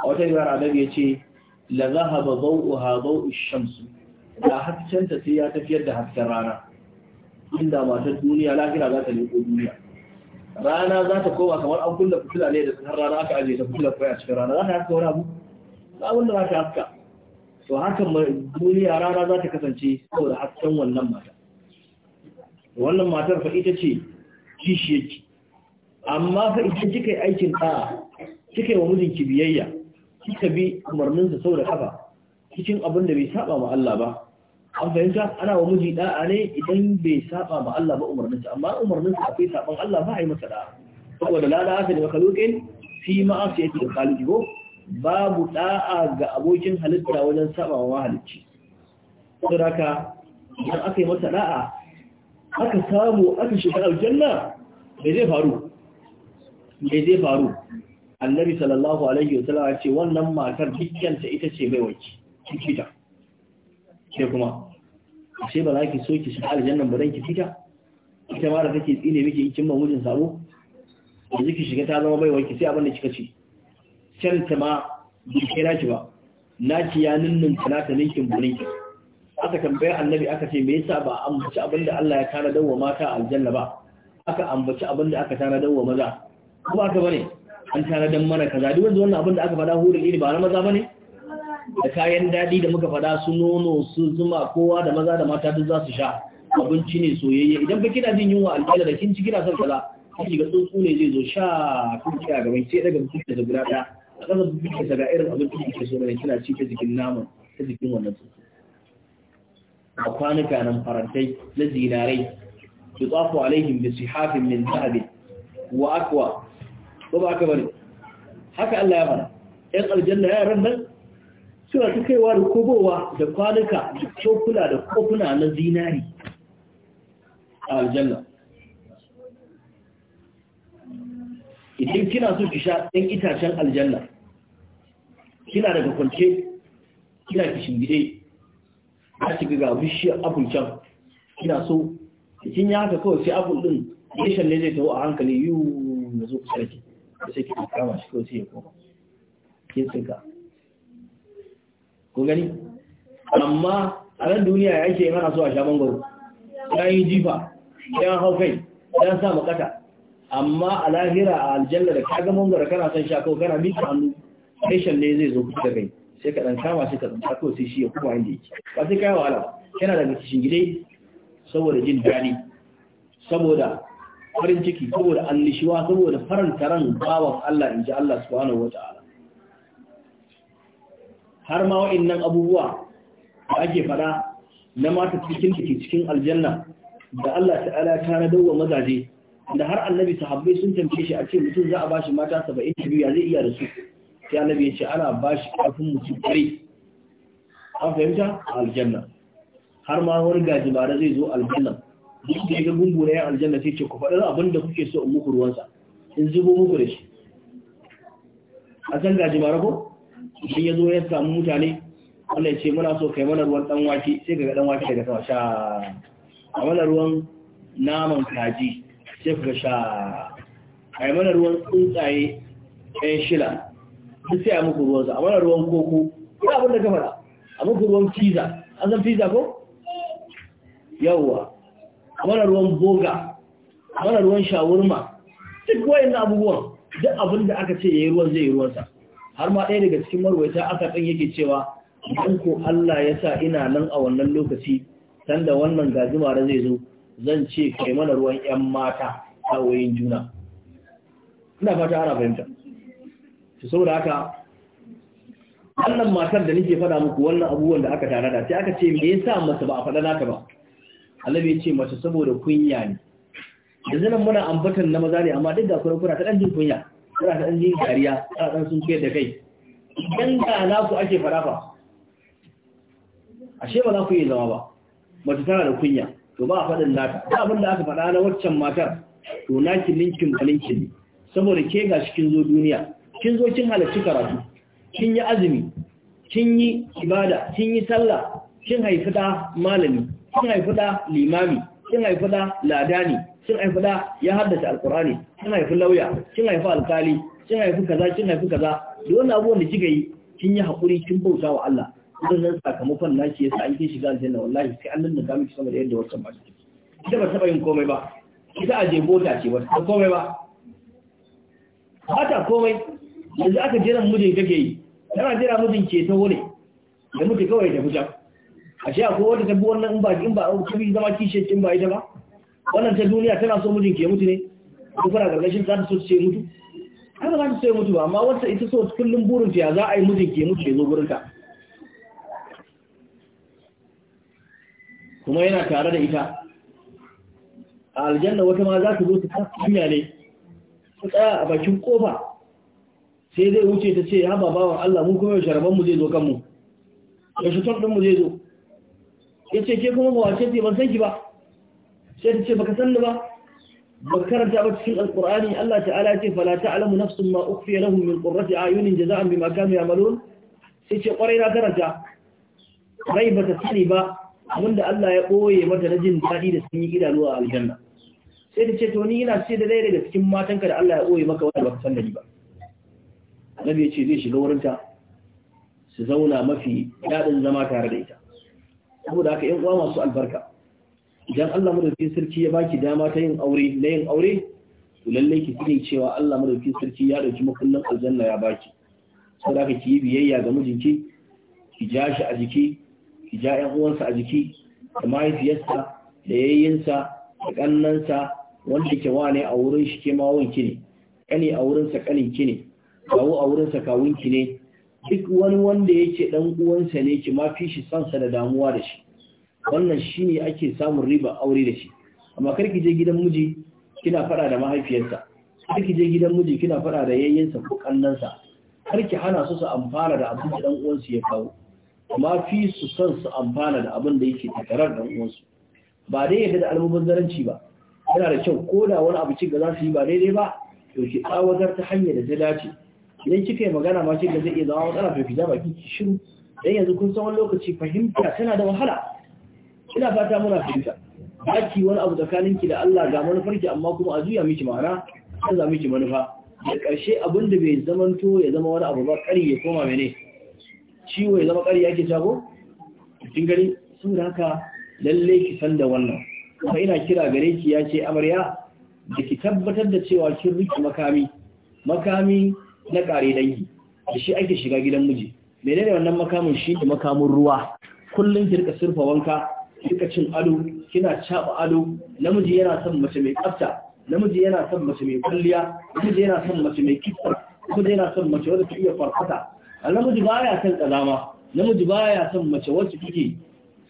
S1: a wata riwayar annabi ya ce la zahaba dawuha dawu ash da hasken ta sai ya tafiyar da hasken rana inda matar duniya lafiya za ta leko duniya rana za ta koma kamar an kulle fitila ne da har rana aka ajiye ta fitila koya a cikin rana za ta haska wani abu ba wanda za ta haska to haka duniya rana za ta kasance saboda hasken wannan mata wannan matar fa ita ce kishiyarki amma fa ita kika yi aikin ta kika yi wa mijinki biyayya kika bi umarninsa sau da kafa cikin abin da bai saba ma Allah ba an fahimta ana wa miji da'a ne idan bai saba ma Allah ba umarninsa amma umarninsa akwai saban Allah ba a yi masa da'a saboda la da'a ne makhluqin fi ma'asiyati da khaliq go babu da'a ga abokin halitta wajen saba wa halicci saboda idan aka yi masa da'a aka samu aka shiga aljanna me zai faru bai zai faru annabi sallallahu alaihi wasallam ya ce wannan matar ta ita ce mai wanki cikita ke kuma ashe ba za ki so ki shiga aljannan ba dan ki fita ita ma da take tsine miki in kin mamujin sabo yanzu ki shiga ta zama baiwa ki sai abin da kika ci can ta ma bai kira ki ba Na ki ya ninnin ta ninkin bunin ki aka tambayar annabi aka ce me yasa ba ambaci abin da Allah ya tana dawo mata aljanna ba aka ambaci abin da aka tana dawo maza kuma aka bane an tana dan mana kaza duk wanda wannan abin da aka faɗa hurin ne ba na maza bane
S2: da kayan daɗi
S1: da muka faɗa su nono su zuma kowa da maza da mata duk za su sha abinci ne soyayye idan ba kina jin yunwa alƙala da kin ci kina son kaza kin ga tsuntsu ne zai zo sha kin ci a gaban sai daga mutum da guda ɗaya a ƙasa duk da ga irin abinci da ke so da kina ci ta jikin naman ta jikin wannan tsuntsu a kwanuka nan farantai na zinarai yutsafu alaihim da sihafin min zahabin wa akwa ba ba aka bari haka Allah ya fara ƴan aljanna ya yi nan suna ta kaiwa da kobowa da kwanuka da cokula da kofuna na zinari a aljanna idan kina so ki sha ɗan itacen aljanna kina daga kwanke kina ki shingide a shiga ga bishiyar abin can kina so kin ya haka kawai sai abin ɗin ya shalle zai tawo a hankali yiwu na zo kusa da da sai ki kama shi kawai sai ya koma kin tsinka ko gani amma a nan duniya ya ake hana so a sha mangoro ya yi jifa ya hau kai ya sa makata amma a lahira a aljanna da kaga mangoro kana son sha kawai kana mika hannu station ne zai zo kusa kai sai ka dan kama sai ka dan ko sai shi ya kuma inda yake ba sai kai wahala kana yana da cikin gidai saboda jin dadi saboda farin ciki saboda annishuwa saboda faranta ran bawan Allah inji Allah subhanahu wataala har ma wa'annan abubuwa da ake faɗa na mata cikin ke cikin aljanna da Allah ta'ala ta radawa mazaje da har annabi sahabbai sun tambaye shi a ce mutum za a bashi mata 72 ya zai iya da su sai annabi ya ce ana bashi kafin mutum kare an fahimta aljanna har ma wani gajimare zai zo aljanna duk da ga gungu na yan aljanna sai ce ku faɗi abin da kuke so in muku ruwansa in zubo muku da shi a san gajimare ko idan ya zo ya samu mutane wanda ya ce muna so kai mana ruwan dan wake sai kaga dan wake daga sama sha a mana ruwan naman kaji sai kaga sha kai mana ruwan tsuntsaye ɗan shila duk sai a muku ruwan sa a mana ruwan koko ko abin da ka faɗa a muku ruwan pizza an san pizza ko yawwa a mana ruwan boga a mana ruwan shawarma duk wayannan abubuwan duk abin da aka ce yayi ruwan zai yi ruwan sa har ma ɗaya daga cikin marwaita aka ɗan yake cewa in ko Allah ya sa ina nan a wannan lokaci sanda wannan gazimara zai zo zan ce kai mana ruwan 'yan mata a wayin juna ina fata ana fahimta su saboda haka wannan matar da nake faɗa muku wannan abubuwan da aka tare da sai aka ce me yasa masa ba a faɗa naka ba Alabi ya ce mace saboda kunya ne yanzu nan muna ambatan na maza ne amma duk da kuna ta ɗan jin kunya kana da ɗan jini dariya kana ɗan sun fiye da kai idan ga na ku ake farafa. ashe ba za ku yi zama ba mace tana da kunya to ba a faɗin nata da abin da aka faɗa na waccan matar to naki linkin ba linkin ne saboda ke ga shi kin zo duniya kin zo kin halarci karatu kin yi azumi kin yi ibada kin yi sallah kin haifi da malami kin haifi da limami kin haifi da ladani kin haifi da ya haddace alkurani kin haifi lauya kin haifi alkali kin haifi kaza kin haifi kaza da wani abubuwan da kika yi kin yi haƙuri, kin bauta wa Allah idan nan sakamakon nashi yasa an kin shiga aljanna wallahi sai an nan zamu ci sama da yadda wasan ba shi ita ba taba yin komai ba ita a je bota ce ba ta komai ba ba ta komai yanzu aka jira mujin kake yi tana jira mijin ke ta wuri da mutu kawai ta fita ashe akwai wata tabbuwan nan in ba in ba a zama kishe in ba ita ba wannan ta duniya tana so mijin ke mutu ne ko fara gargashin za ta so ce mutu har ba ta so ya mutu ba amma wata ita so kullum burin ta za a yi mijin ke mutu ya zo gurin ta kuma yana tare da ita a aljanna wata ma za ta zo ta tafi hanya ne ta tsaya a bakin kofa sai zai wuce ta ce haba bawan Allah mu kuma sharaban mu zai zo kanmu yaushe shi din mu zai zo Ya ce ke kuma ba wace ce ban san ki ba sai ta ce baka sanni ba baka karanta ba cikin alkur'ani Allah ta'ala ya ce fala ta'lamu nafsun ma ukhfiya lahum min qurrati ayunin a bima kanu ya'malun sai ce kwarai na karanta rai bata sani ba abinda Allah ya ɓoye mata na jin daɗi da sun yi idanu a aljanna sai ta ce to ni ina ce da ɗaya da cikin matanka da Allah ya ɓoye maka wanda baka da ni ba annabi ya ce zai shiga wurinta su zauna mafi daɗin zama tare da ita saboda haka ƴan uwa masu albarka idan Allah madaukakin sarki ya baki dama ta yin aure na yin aure to lallai ki sani cewa Allah madaukakin sarki ya dauki makullin aljanna ya baki saboda ki yi biyayya ga mijinki ki ja shi a jiki ki ja ƴan uwansa a jiki da mahaifiyarsa da yayyinsa da kannansa wanda ke wane a wurin shi ke mawon ki ne kani a wurin sa kanin ki ne kawo a wurin sa kawun ki ne duk wani wanda yake dan uwansa ne ki ma fi shi sansa da damuwa da shi wannan shine ake samun riba aure da shi amma kar ki je gidan miji kina fada da mahaifiyarsa kar ki je gidan miji kina fada da yayyensa ko kannansa kar ki hana su su amfana da abin da dan ya kawo amma fi su san su amfana da abin da yake takarar dan uwansu ba dai yadda da almubazzaranci ba yana da kyau ko da wani abu ci ga za su yi ba daidai ba to ki tsawatar ta hanya da ta dace idan kika yi magana ma ce da zai iya zama matsala fa fita baki ki shiru dan yanzu kun san wani lokaci fahimta tana da wahala ina fata muna fahimta baki wani abu tsakaninki da Allah ga manufarki amma kuma a zuya miki ma'ana ta za miki manufa da ƙarshe abin da bai zamanto ya zama wani abu ba ƙari ya koma mene ciwo ya zama ƙari yake jago kin haka lalle ki san da wannan kuma ina kira gare ki ya ce amarya da ki tabbatar da cewa kin riki makami makami na ƙare dangi da shi ake shiga gidan miji menene wannan makamin shi ne makamin ruwa kullum ki rika surfa wanka kika cin ado kina caba ado namiji yana son mace mai tsafta namiji yana son mace mai kwalliya namiji yana son mace mai kitsa namiji yana son mace wadda take iya farfata namiji baya son kazama namiji baya son mace wacce take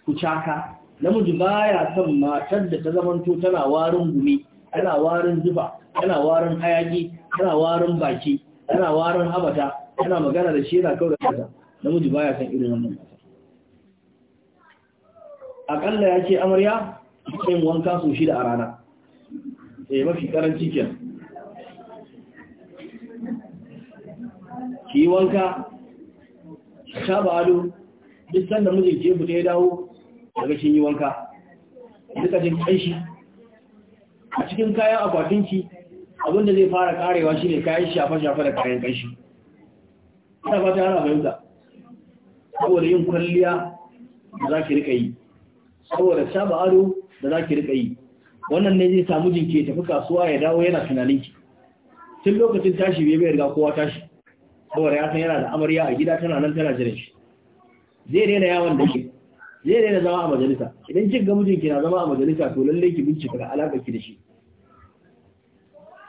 S1: kucaka namiji baya son matar da ta zamanto tana warin gumi tana warin zuba tana warin hayaki tana warin baki tana warin habata tana magana da shi yana kawai da namiji baya son irin wannan akalla ya ce amarya yin wanka su shida a rana eh mafi karanci ke
S2: ki wanka
S1: sha ba ado duk sanda mijin ke fita ya dawo daga cin yi wanka duka jin kanshi a cikin kayan akwatinki abinda zai fara karewa shine kayan shafa-shafa da kayan kanshi ina fata yana fahimta saboda yin kwalliya za ki rika yi saboda saba ado da za ki riƙa yi wannan ne zai samu jinki tafi kasuwa ya dawo yana tunanin ki tun lokacin tashi bai bai riga kowa tashi saboda ya san yana da amarya a gida tana nan tana jiran shi zai daina yawon da ke zai daina zama a majalisa idan kin ga mijinki na zama a majalisa to lallai ki bincika ga alaƙar ki da shi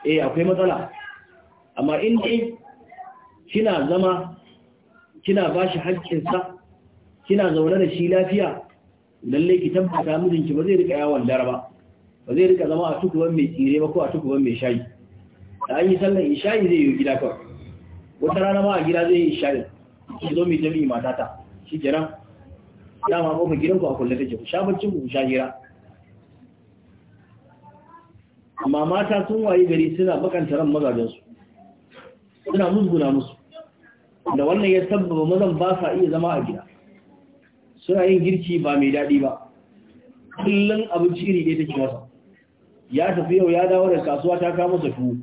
S1: eh akwai matsala amma in dai kina zama kina bashi haƙƙinsa kina zaune da shi lafiya lalle ki tabbata mijinki ba zai rika yawon daraba. ba zai rika zama a tukuban mai tsire ba ko a tukuban mai shayi da an yi sallar ishayi zai yi gida kawai wata rana ma a gida zai yi ishayi ki zo mai jami'i matata shi kenan dama gidan gidanku a kulle take ku sha barcin ku sha hira amma mata sun waye gari suna bakanta ran mazajensu suna musguna musu da wannan ya sabbaba mazan ba sa iya zama a gida suna yin girki ba mai daɗi ba kullum abinci iri ɗaya take masa ya tafi yau ya dawo da kasuwa ta kama masa tuwo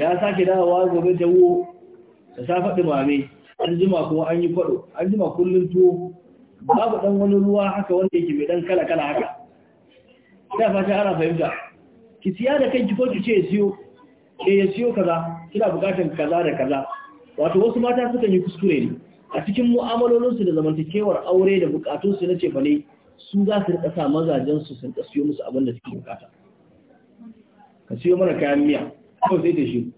S1: ya sake dawowa gobe ta wo ta sa faɗi mame an jima kuma an yi kwaɗo an jima kullum tuwo babu ɗan wani ruwa haka wanda yake mai ɗan kala kala haka ina fata ana fahimta ki siya da kanki ko ki ce ya siyo ke eh, ya siyo kaza kina buƙatar kaza da kaza wato wasu mata suka yi kuskure ne a cikin mu'amalolinsu da zamantakewar aure da bukatunsu na cefane su za su rika sa mazajensu sun ka siyo musu abin da suke bukata ka siyo mana kayan miya kawai sai ta shi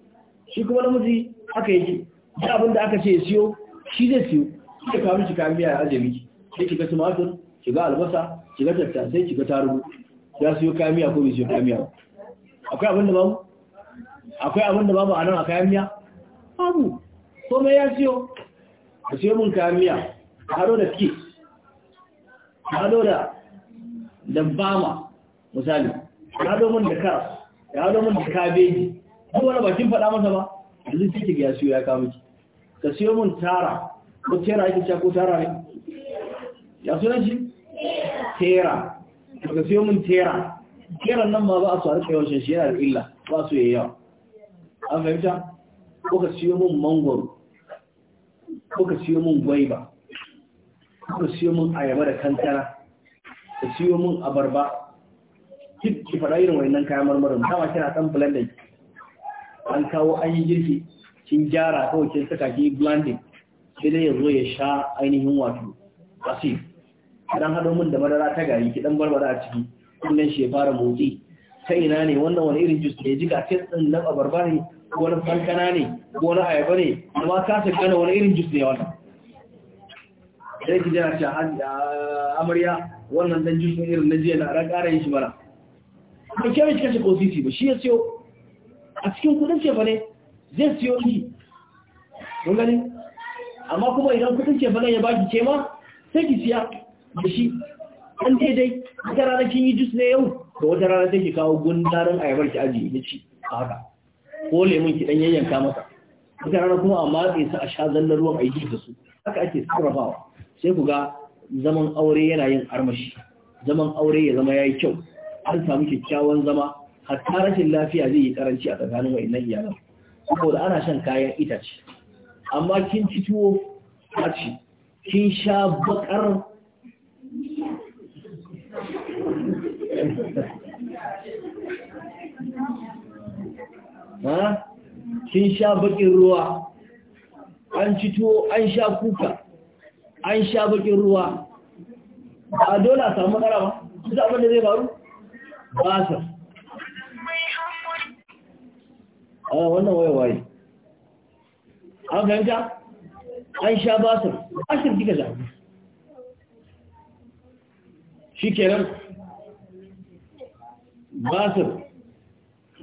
S1: shi kuma namiji haka yi ji abin da aka ce ya siyo shi zai siyo shi da kawai shi kayan miya ya ajiye miki sai kiga tumatur kiga albasa kiga tattasai kiga tarugu ya siyo kayan miya ko bai siyo kayan miya akwai abin da babu akwai abin da babu a nan a kayan miya babu komai ya siyo ka ce mun kamiya ka haɗo da ki ka haɗo da dabbama bama misali ka haɗo mun da karas ka haɗo mun da kabeji duk wani bakin faɗa masa ba A sai ki ya siyo ya kawo ki ka siyo mun tara ko tera ake cewa ko tara ne ya sunan shi tera ka siyo mun tera keran nan ma ba a so a rika yawan shi yana da illa ba su yi yawa an fahimta ko ka siyo mun mangoro ko ka siyo min gwaiba ko ka siyo min ayaba da kankana ka siyo min abarba ki ki fara irin wannan kayan marmarin dama kina dan blending an kawo an yi girki kin gyara ko kin saka ki blending sai dai yazo ya sha ainihin wato asif dan hado min da madara ta gari ki dan barbara a ciki kullun shi ya fara motsi ta ina ne wannan wani irin juice ne jiga sai dan abarba ne ko wani kankana ne ko na ayaba ne amma ka sa gane wani irin jus ne wannan sai ki jira a amarya wannan dan jus ne irin na jiya na ran ƙara yin shi mara ba kyawun mai kashe ko sisi ba shi ya siyo a cikin kudin ce ne zai siyo ni mun gani amma kuma idan kudin ce ne ya baki ce ma sai ki siya da shi an daidai wata rana kin yi jus ne yau da wata rana take kawo gundarin ayabar ki aji ya ci a haka ko lemun ki dan yayyanka masa wata rana kuma a matse su a sha zallar ruwan aiki da su haka ake sarrafawa sai ku ga zaman aure yana yin armashi zaman aure ya zama ya yi kyau an samu kyakkyawan zama hatta rashin lafiya zai yi karanci a tsakanin wa'annan iyalan saboda ana shan kayan itace amma kin ci tuwo a kin sha bakar ha kin sha bakin ruwa an ci tuwo an sha kuka an sha bakin ruwa a dole a samu matsala ba su da abin da zai faru ba sa a ah, wannan waye waye an fahimta an sha basir basir kika za shi kenan basir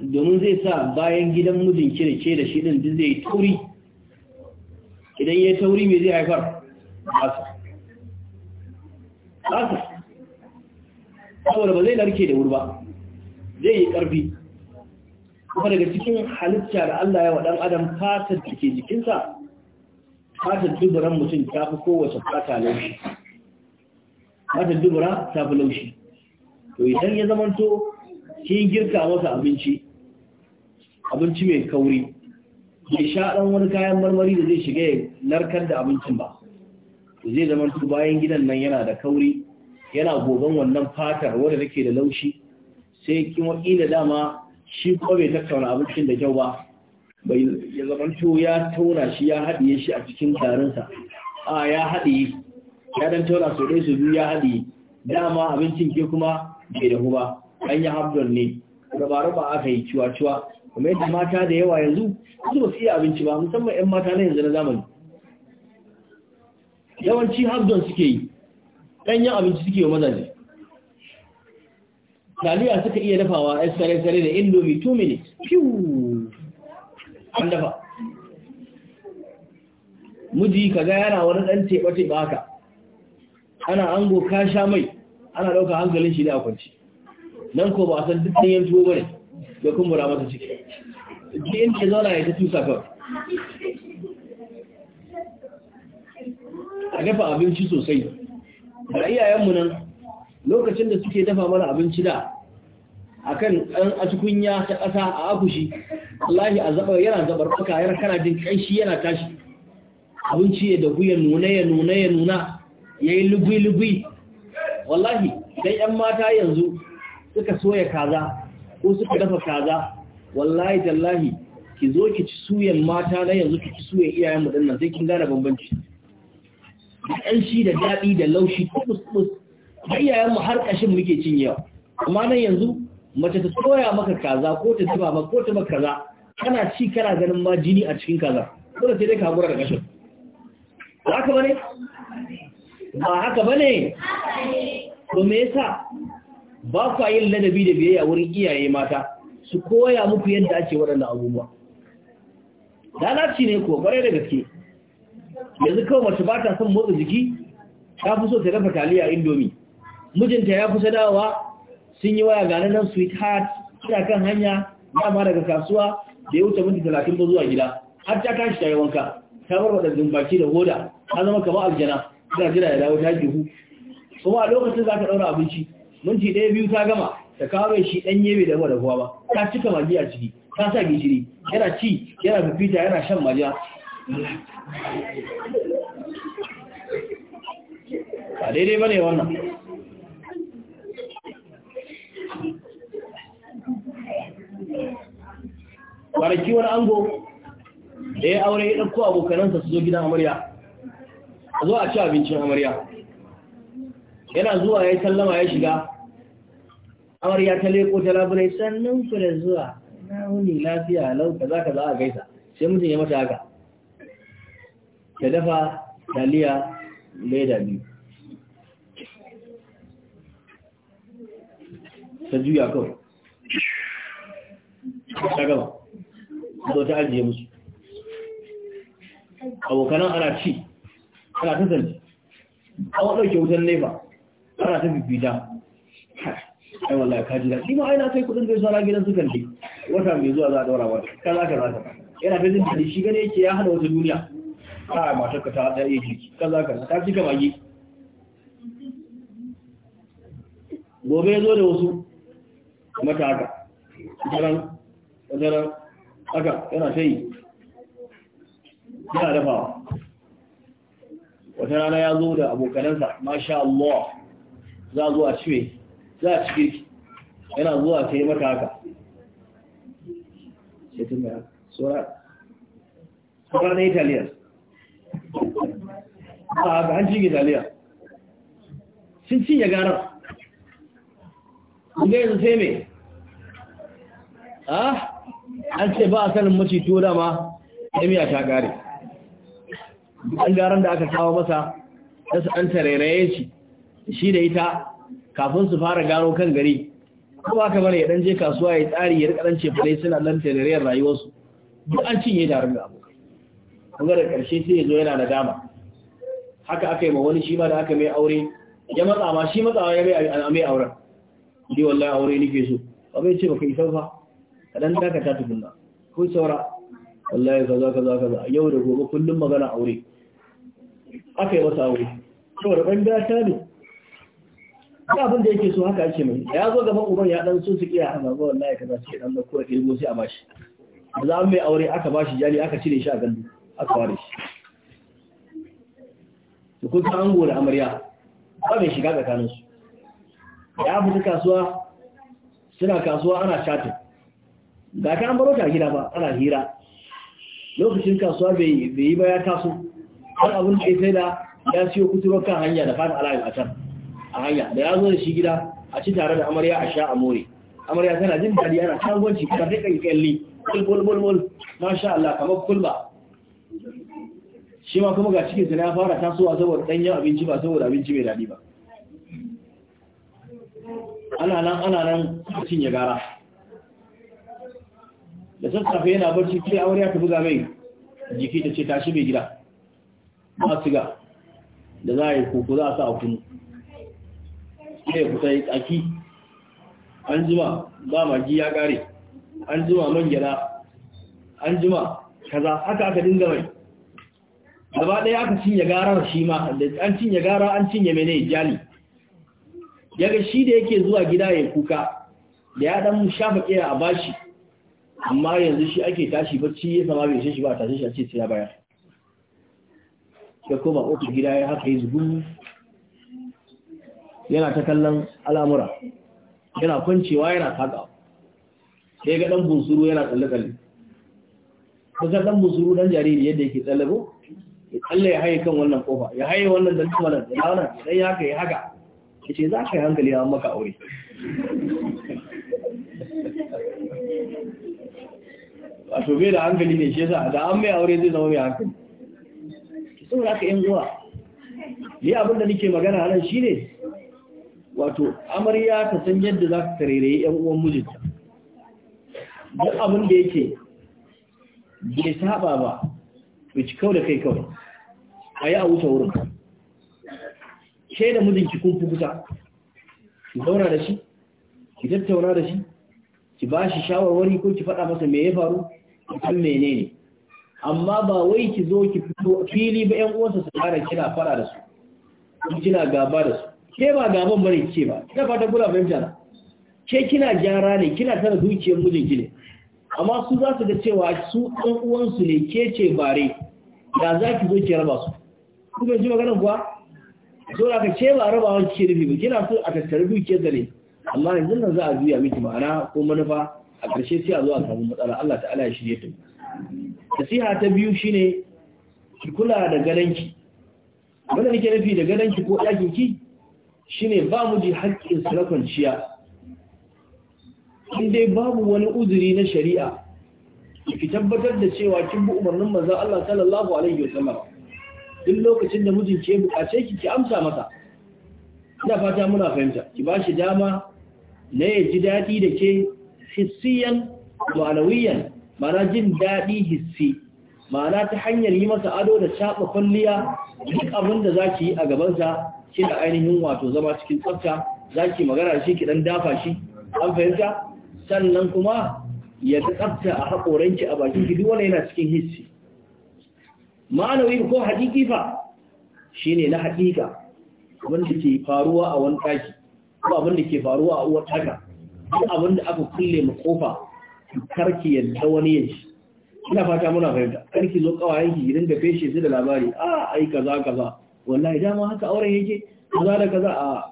S1: domin zai sa bayan gidan mijinki da ke da shi ɗin zai tauri idan ya tauri mai zai haifar asa asa saboda ba zai narke da wuri ba zai yi ƙarfi kuma daga cikin halitta da Allah ya waɗan adam fatar da ke jikinsa fatar dubaran mutum ta fi kowace fata laushi fatar dubara ta fi laushi to idan ya zamanto kin girka masa abinci abinci mai kauri bai sha ɗan wani kayan marmari da zai shiga ya narkar da abincin ba zai zama bayan gidan nan yana da kauri yana goban wannan fatar wadda take da laushi sai kuma ila dama shi ko bai tattauna abincin da kyau ba bai ya ya tauna shi ya haɗiye shi a cikin garinsa a ya haɗiye ya dan tauna sau ɗaya su biyu ya haɗiye dama abincin ke kuma bai dahu ba an yi habdon ne raba-raba aka yi ciwa-ciwa kuma yadda mata da yawa yanzu su ba su iya abinci ba musamman 'yan mata na yanzu na zamani yawanci habdon suke yi ɗanyen abinci suke wa mazaje taliya suka iya dafawa a tsare-tsare da indomi 2 minutes piu an dafa Muji, kaga yana wani ɗan teɓa-teɓa haka ana ango kasha mai ana ɗauka hankalin shi da a kwanci nan ko ba a san duk ɗanyen tuwo ba ne ya kumbura masa ciki
S2: ji ke ya zauna ya ta tusa kawai a dafa
S1: abinci sosai da iyayenmu nan lokacin da suke dafa mana abinci da akan a tukunya ta ƙasa a akushi Allahi a zaɓar yana zaɓar ɓaka yana kana jin ƙanshi yana tashi abinci ya dagu ya nuna ya nuna ya nuna ya yi lubi lugui wallahi dan 'yan mata yanzu suka soya kaza ko suka dafa kaza wallahi tallahi ki zo ki ci suyan mata na yanzu ki ci suyan iyayen mu dinnan sai kin gane bambanci da shi da daɗi da laushi kus-kus iyayen mu har ƙashin muke cinyewa amma nan yanzu mace ta soya maka kaza ko ta zuba maka ko ta maka kaza kana ci kana ganin ma jini a cikin kaza ko sai dai ka gura da kashin
S2: ba haka bane ba haka bane to me yasa
S1: ba ku yin ladabi da biyayya wurin iyaye mata su koya muku yadda ake waɗannan abubuwa lalaci ne ko kwarai da gaske yanzu kawai mace ba ta son motsa jiki ta fi so ta dafa taliya indomi mijinta ya kusa dawa sun yi waya gane nan sweetheart suna kan hanya dama daga kasuwa da ya wuce minti talatin ba zuwa gida har ta tashi ta yi wanka ta bar wadda baki da hoda ta zama kamar aljana suna jira ya dawo ta jihu kuma a lokacin za ka ɗaura abinci minti ɗaya biyu ta gama ta kawo shi ɗanye bai damu da kowa ba ta cika magi a ciki ta sa gishiri yana ci yana fifita yana shan majiya
S2: ba daidai ba ne wannan kwanaki wani ango
S1: da ya aure ya ɗauko abokanansa su zo gidan amarya
S2: a zo a ci abincin
S1: amarya yana zuwa ya yi sallama ya shiga ya ta leko ta labirai sannan ku da zuwa na wuni lafiya lau ka za ka za a gaisa sai mutum ya mata haka ta dafa taliya leda biyu
S2: ta juya kawai ta gama zo ta ajiye musu abokanan ana
S1: ci ana ta a waɗauke wutan nefa ana ta bibita ai wallahi ka ji daɗi ma ai na kai kuɗin zai sara gidan su kalli wata mai zuwa za a ɗaura wata ka za ka za yana ta jin shi gane yake ya hada wata duniya a matar ka ta ɗaya ji ka za ka ta ka magi gobe ya zo da wasu mata haka daren daren haka yana ta yi yana dafawa wata rana ya zo da abokanansa masha Allah za a zo a ciwe za a cike ki yana zuwa yi maka haka sai tun da sora kamar na italiya ba ga hancin italiya sun cinye garar inda yanzu sai mai ah an ce ba a sanin mace to dama miya ta kare an garan da aka kawo masa ta an tarairaye shi shi da ita kafin su fara gano kan gari ko aka bane ya dan je kasuwa ya tsari ya rika ce fulai suna dan tareriyar rayuwarsu duk an cinye da ringa abokai kuma da karshe sai ya zo yana nadama haka aka yi ma wani shi ma da aka mai aure ya matsa ma shi matsawa ya mai mai auren Ni wallahi aure ke so ba bai ce ba kai san fa ka dan ta tukunna ko saura wallahi kaza kaza kaza yau da gobe kullum magana aure aka yi masa aure saboda ɗan ta ne ba abin da yake so haka ake mai ya zo gaban uban ya dan so su kira hana ba wallahi kaza sai dan da da ilmo sai a bashi za mu mai aure aka bashi jali aka cire shi a gandu aka ware shi to kun san ango da amarya ba mai shiga tsakanin su ya fita kasuwa suna kasuwa ana chatin ga ka an baro ta gida ba ana hira lokacin kasuwa bai yi ba ya taso wani abin da ya sai da ya siyo kuturo kan hanya da fara alayin a can a hanya da ya zo da shi gida a ci tare da amarya a sha a more amarya tana jin daɗi ana shagonci ka rika kyalli bulbulbulbul masha Allah kamar kulba shi ma kuma ga cikinsa na fara tasowa saboda ɗanyen abinci ba saboda abinci mai daɗi ba ana nan ana nan cinye gara da sassafe yana barci sai amarya ta buga mai jiki ta ce tashi mai gida ba ga, da za a yi kuku za a sa a kunu kai kusa ya tsaki an zuma ba magi ya kare an zuma man gyada an jima kaza haka aka dinga mai gaba ɗaya aka cinye gara shi ma an cinye gara an cinye mene jali yaga shi da yake zuwa gida ya kuka da ya dan shafa kera a bashi amma yanzu shi ake tashi bacci ya sama bai shi ba tashi shi a ce sai ya bayar ya koma otu gida ya haka yi zugun yana ta kallon al'amura yana kwancewa yana taka sai ga dan busuru yana tsalle-tsalle kusa dan busuru dan jariri yadda yake tsalle ko ya tsalle ya haye kan wannan kofa ya haye wannan dan tumalan ya launa idan ya haka ya haka ya ce za ka yi hankali ya maka aure wato bai da hankali ne shi yasa da an mai aure zai zama mai hankali saboda haka yan uwa ni abin da nake magana nan shine wato amarya ta san yadda za ka karere yan uwan mijinta duk abin da yake bai saba ba to ci kawai da kai kawai a yi a wuce wurin ke mijinki kun fi kusa ki zauna da shi ki tattauna da shi ki ba shi shawarwari ko ki faɗa masa me ya faru ki san menene amma ba wai ki zo ki fito fili ba ƴan uwansa su fara kina fara da su kina gaba da su ke ba gaban bane ke ba kina fata kula fahimta na ke kina gyara ne kina tana dukiyar mijinki ne amma su za su ga cewa su ɗan uwansu ne ke ce bare da za ki zo ki raba su ku bai ji magana kuwa so da ka ce ba raba wani ke ba kina so a tattare dukiyar da ne amma yanzu nan za a juya miki ma'ana ko manufa a ƙarshe sai a zo a samu matsala Allah ta'ala ya shirye ta nasiha ta biyu shine ki kula da galanki wanda nake nufi da gadanki ko ɗakin ki shine ba mu ji haƙƙin su na kwanciya in dai babu wani uzuri na shari'a ki tabbatar da cewa kin bi umarnin manzo Allah sallallahu alaihi wasallam duk lokacin da mijinki ke bukace ki ki amsa masa ina fata muna fahimta ki bashi dama na ya ji daɗi da ke hissiyan walawiyan mana jin daɗi hissi mana ta hanyar yi masa ado da shaɓa kwalliya duk abin da zaki yi a gabansa kina ainihin wato zama cikin tsafta zaki magana shi ki dan dafa shi an fahimta sannan kuma ya tsafta a hakoranki a bakin ki duk wannan yana cikin hissi ma'anawi ko hakiki fa shine na hakika abin da ke faruwa a wani ɗaki, ko abin da ke faruwa a uwar taka ko abin da aka kulle mu kofa karki yadda wani ya ji ina fata muna fahimta karki zo kawayen ki da feshe su da labari a ah, ai kaza kaza wallahi dama haka auren yake kaza da kaza a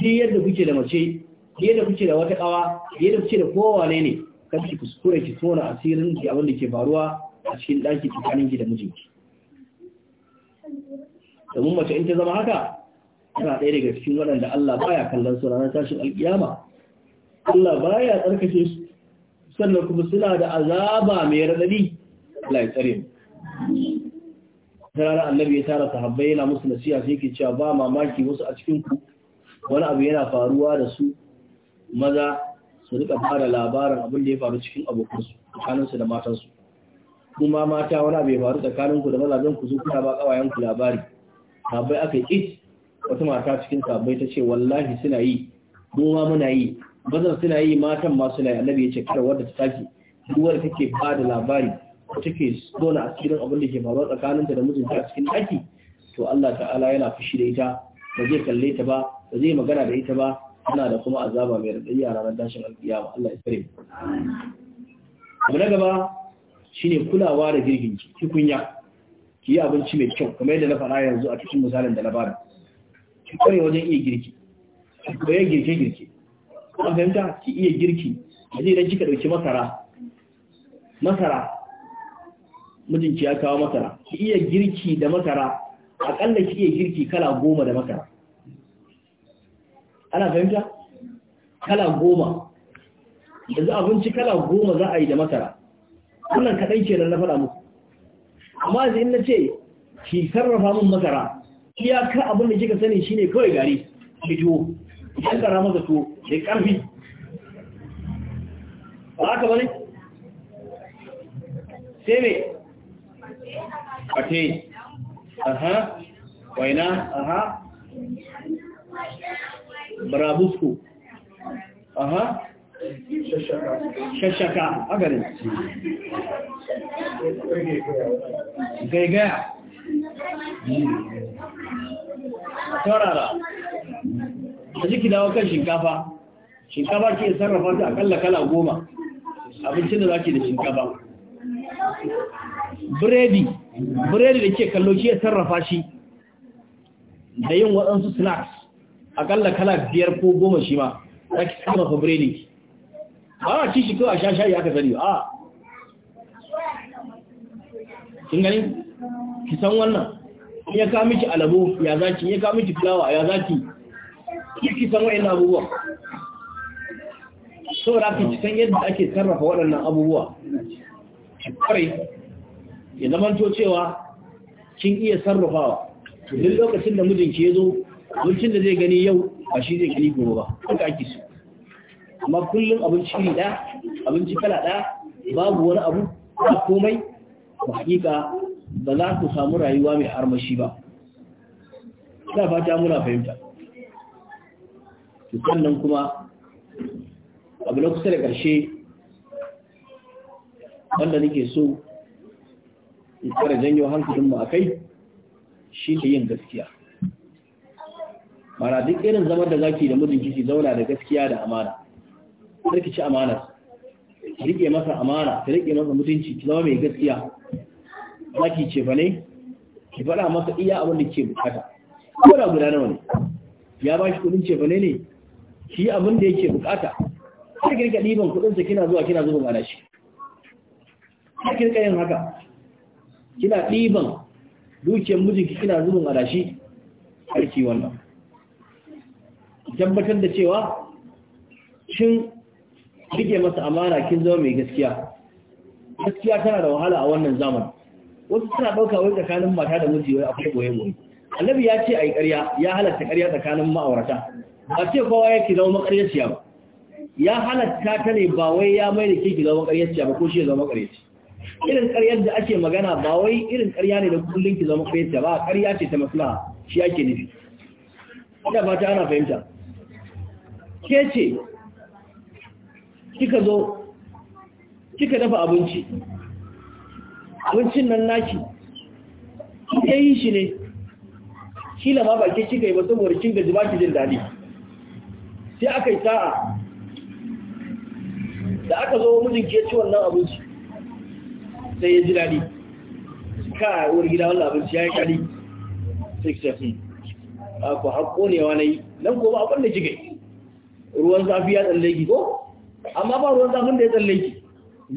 S1: ji yadda kuke da mace yadda kuke da wata kawa yadda kuke da kowa ne ne kan ki kuskure ki tona asirin ki abin da ke faruwa a cikin daki tsakanin ki da mijinki domin mace in ta zama haka tana ɗaya daga cikin waɗanda Allah baya kallon su ranar tashin alkiyama Allah baya tsarkake su sannan kuma suna da azaba mai radadi Allah ya tsare mu rana, annabi ya tara sahabbai yana musu nasiha sai yake cewa ba mamaki wasu a cikin ku wani abu yana faruwa da su maza su rika fara labarin abin da ya faru cikin abokansu tsakaninsu da matansu kuma mata wani abu ya faru tsakanin ku da mazajen ku su kuna ba kawayen ku labari sahabbai aka yi wata mata cikin sahabbai ta ce wallahi suna yi goma muna yi bazan suna yi matan ma suna yi annabi ya ce kar wadda ta tafi duwar take ba da labari take zona a cikin abin da ke faruwa tsakaninta da mijinta a cikin ɗaki to Allah ta'ala yana fushi da ita ba zai kalle ta ba ba zai magana da ita ba tana da kuma azaba mai raɗaɗi a ranar dashin alƙiyama Allah ya tsare abu na gaba shine kulawa da girgin ki kunya ki yi abinci mai kyau kamar yadda na faɗa yanzu a cikin misalin da na bada ki kware wajen iya girki ki koyi girke girke kuma fahimta ki iya girki a zai idan kika ɗauki masara masara mijinki ya kawo masara ki iya girki da masara akalla ki iya girki kala goma da masara ana fahimta kala goma yanzu abinci kala goma za a yi da masara wannan kaɗai ke nan na faɗa muku amma yanzu in na ce ki sarrafa min masara iyaka abin da kika sani shine kawai gari ki tuwo idan kara masa tuwo da ƙarfi ba haka bane sai me
S2: Ate, aha
S1: waina aha
S2: barabusku aha shashaka agarin. garin gaigaya taurara a
S1: jiki dawo kan shinkafa shinkafa ke sarrafa ta akalla kala goma abincin da za da shinkafa biredi biredi da ke kallo shi ya sarrafa shi da yin waɗansu snacks akalla kala biyar ko goma shi ma za ki sarrafa biredi ba a ci shi kawai a sha shayi aka sani a
S2: kin gani ki
S1: san wannan ya kama miki alabo ya zaki ya kama miki fulawa ya zaki ki san wa'annan abubuwa saboda ki san yadda ake sarrafa waɗannan abubuwa ki kware ya zamanto cewa kin iya sarrafawa duk lokacin da mijinki ya zo abincin da zai gani yau ba shi zai gani gobe ba haka ake so amma kullum abinci iri ɗaya abinci kala ɗaya babu wani abu ba komai ba hakika ba za ku samu rayuwa mai armashi ba ta fata muna fahimta sannan kuma abu na kusa da ƙarshe wanda nake so in kara janyo hankalinmu a kai shi ne yin gaskiya
S2: mara duk irin
S1: zama da zaki da mijinki ki zauna da gaskiya da amana ki ci amana ki rike masa amana ki rike masa mutunci ki zama mai gaskiya zaki ce fa ne ki faɗa masa iya abin da ke bukata ko da guda nawa ne ya ba shi kudin ce fa ne ne yi abin da yake bukata sai ki rike ɗiban kudin sa kina zuwa kina zuba mana shi ya kirka yin haka kina ɗiban dukiyar mijinki kina zubin adashi aiki wannan tabbatar da cewa shin rike masa amana kin zama mai gaskiya gaskiya tana da wahala a wannan zaman wasu suna ɗauka wai tsakanin mata da miji wai akwai goye goye annabi ya ce a yi ƙarya ya halatta ƙarya tsakanin ma'aurata ba ce kowa yake zama maƙaryaciya ba ya halatta ta ne ba wai ya mai da ke ki zama maƙaryaciya ba ko shi ya zama maƙaryaci irin ƙaryar da ake magana ba wai irin ƙarya ne da kullum ki zama fahimta ba ƙarya ce ta maslaha shi ake nufi ina fata ana fahimta ke ce kika zo kika dafa abinci abincin nan naki kika yi shi ne kila ma ba ke kika yi ba saboda kin gaji ba ki jin daɗi sai aka yi sa'a da aka zo mijin ke ci wannan abinci sai ya ji daɗi ka wani gida wani abinci ya yi ƙari 6 aku a ku haƙo ne wa na yi nan ko ba abin da jigai ruwan zafi ya tsalle ki ko amma ba ruwan zafin da ya tsalle ki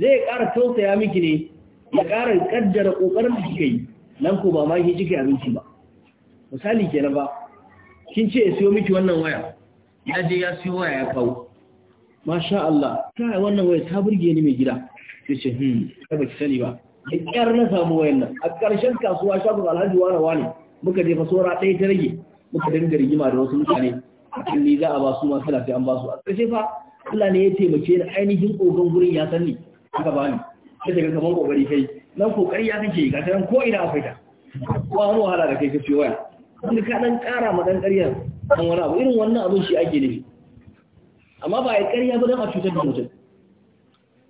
S1: zai ƙara tausaya miki ne ya ƙara ƙaddara ƙoƙarin da kika yi nan ko ba ma ke jigai abinci ba misali kenan ba kin ce ya siyo miki wannan waya ya je ya siyo waya ya kawo masha Allah ta wannan waya ta burge ni mai gida sai ce hmm ba ki sani ba da kyar na samu nan a ƙarshen kasuwa shagon alhaji wane wane muka jefa saura ɗaya ta rage muka dinga rigima da wasu mutane akan ni za a ba su ma sala sai an ba su a ƙarshe fa Allah ne ya taimake ni ainihin ƙogon gurin ya san ni aka ni? sai daga kaman kokari kai nan kokari ya kake ga taran ko ina akwai ta ba wani wahala da kai ka ce waya wanda ka dan ƙara ma dan ƙaryar dan wani abu irin wannan abin shi ake nufi amma ba yi ƙarya ba dan a cutar da mutum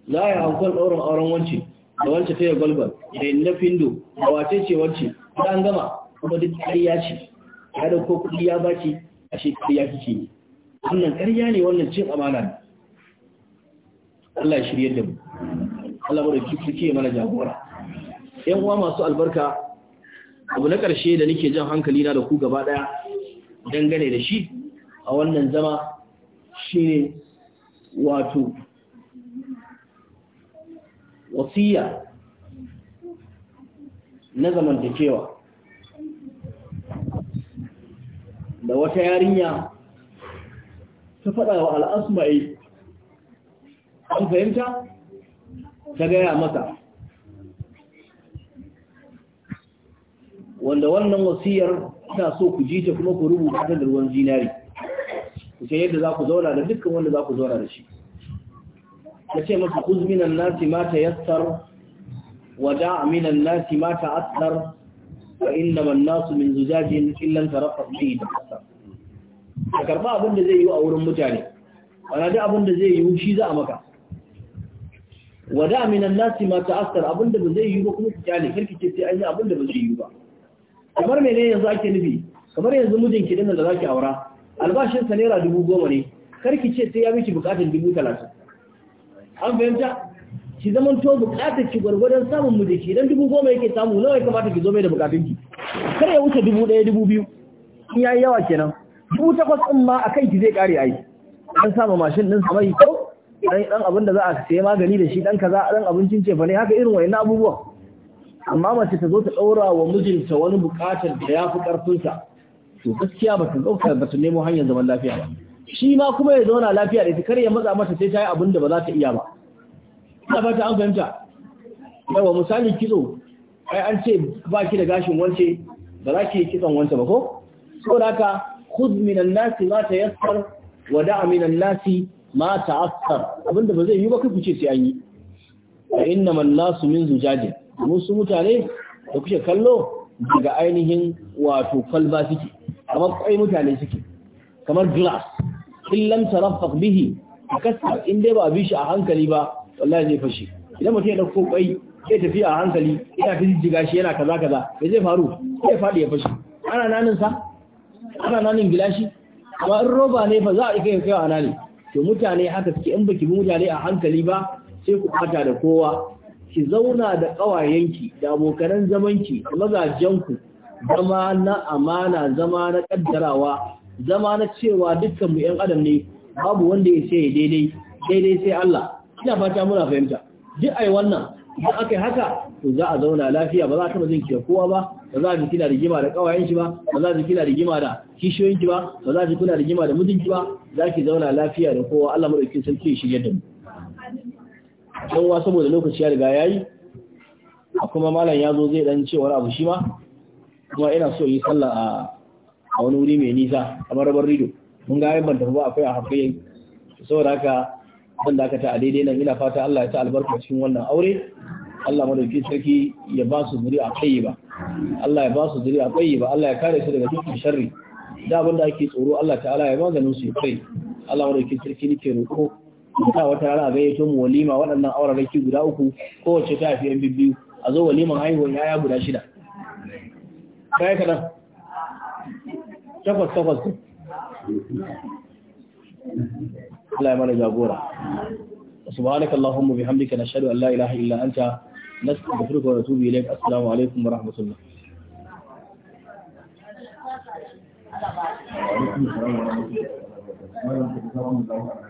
S1: la ya kan ɗaurin auren wance da wance ta yi gwalgwal da yin na findo a wace ce wance da an gama kuma duk ƙarya ce ya dauko kuɗi ya baki a shi ya kike ne wannan ƙarya ne wannan cin amana ne Allah ya shirye da mu Allah bada ke mana jagora ƴan uwa masu albarka abu na ƙarshe da nake jan hankali na da ku gaba ɗaya dangane da shi a wannan zama shine wato wasiya na zamantakewa da wata yarinya ta faɗa wa al'asma'i an fahimta ta gaya masa wanda wannan wasiyar ina so ku ji ta kuma ku rubuta ta da ruwan zinari ku ce yadda za ku zauna da dukkan wanda za ku zauna da shi ka ce masu kuzminan nasi ma ta yassar waja nasi ma ta asar wa inda man nasu min zujajin illan tarafa bihi da kasa ka karba abin da zai yi a wurin mutane ana da abin da zai yi shi za a maka wada aminan nasi ma ta asar abin da ba zai yi ba kuma ku kyale karki ce sai an yi abin da ba zai yi ba kamar mene yanzu ake nufi kamar yanzu mijin dinnan da za ki aura albashinsa naira dubu goma ne karki ce sai ya miki bukatun dubu talatin an fahimta ki zaman to bukatar ki gwargwadon samun mu da dan dubu goma yake samu nawa ya kamata ki zo mai da bukatun ki kar ya wuce dubu ɗaya dubu biyu in yayi yawa kenan dubu takwas ɗin ma akan ki zai kare ai dan samu mashin din sa mai kyau, dan dan abin da za a sayi magani da shi dan kaza dan abincin ce bane haka irin wayannan abubuwa amma mace ta zo ta daura wa mijinta wani bukatar da ya fi karfin sa to gaskiya ba ta dauka ba ta nemo hanyar zaman lafiya ba shi ma kuma ya zauna lafiya da ita kar ya matsa mata sai ta yi abin da ba za ta iya ba ina fata an fahimta yawa misali kitso ai an ce ba ki da gashin wance ba za ki yi kitson wance ba ko da haka khudh minan nasi ma tayassar wa da'a minan nasi ma Abin abinda ba zai yi ba kai ku ce sai an yi inna man nasu min zujajin mun su mutane da kuke kallo daga ainihin wato kwalba suke kamar kwai mutane suke kamar glass in lam bihi akasta in dai ba bi shi a hankali ba wallahi zai fashi idan mutum ya dauko kwai ya tafi a hankali yana ta jiga shi yana kaza kaza me zai faru sai faɗi ya fashi ana nanin sa ana nanin gilashi amma in roba ne fa za a kai kai ana ne to mutane haka suke in baki bi mutane a hankali ba sai ku bata da kowa ki zauna da kawayenki da abokan zamanki da mazajenku zama na amana zama na kaddarawa zama na cewa dukkan mu adam ne babu wanda ya ce daidai daidai sai Allah ina fata muna fahimta duk ai wannan idan aka yi haka to za a zauna lafiya ba za a taɓa jin kowa ba ba za a ji kina rigima da kawayen shi ba ba za a ji kina rigima da kishiyoyin ba ba za a ji rigima da mijinki ba za ki zauna lafiya da kowa Allah mu sarki ya shi yadda mu don wa saboda lokaci ya riga yayi kuma malam ya zo zai dan cewa abu shi ma kuma ina so yi sallah a a wani wuri mai nisa kamar rabar rido mun ga yin tafi ba akwai a haƙƙi saboda haka zan dakata a daidai nan ina fata Allah ya sa albarka cikin wannan aure Allah madauki sarki ya ba su zuri a kai ba Allah ya ba su zuri a kai ba Allah ya kare su daga dukkan sharri da abin da ake tsoro Allah ta'ala ya maganin su ya kai Allah madauki sarki nake roƙo ta wata rana gayyato mu walima waɗannan auraraki guda uku kowace ta fi yan bibbiyu a zo waliman haihuwar yaya guda shida kai takwas takwas Allah ya mana jagora subhanaka allahumma bihamdika nashhadu an la ilaha illa anta nastaghfiruka wa natubu ilayk assalamu alaikum wa rahmatullah Thank
S2: you.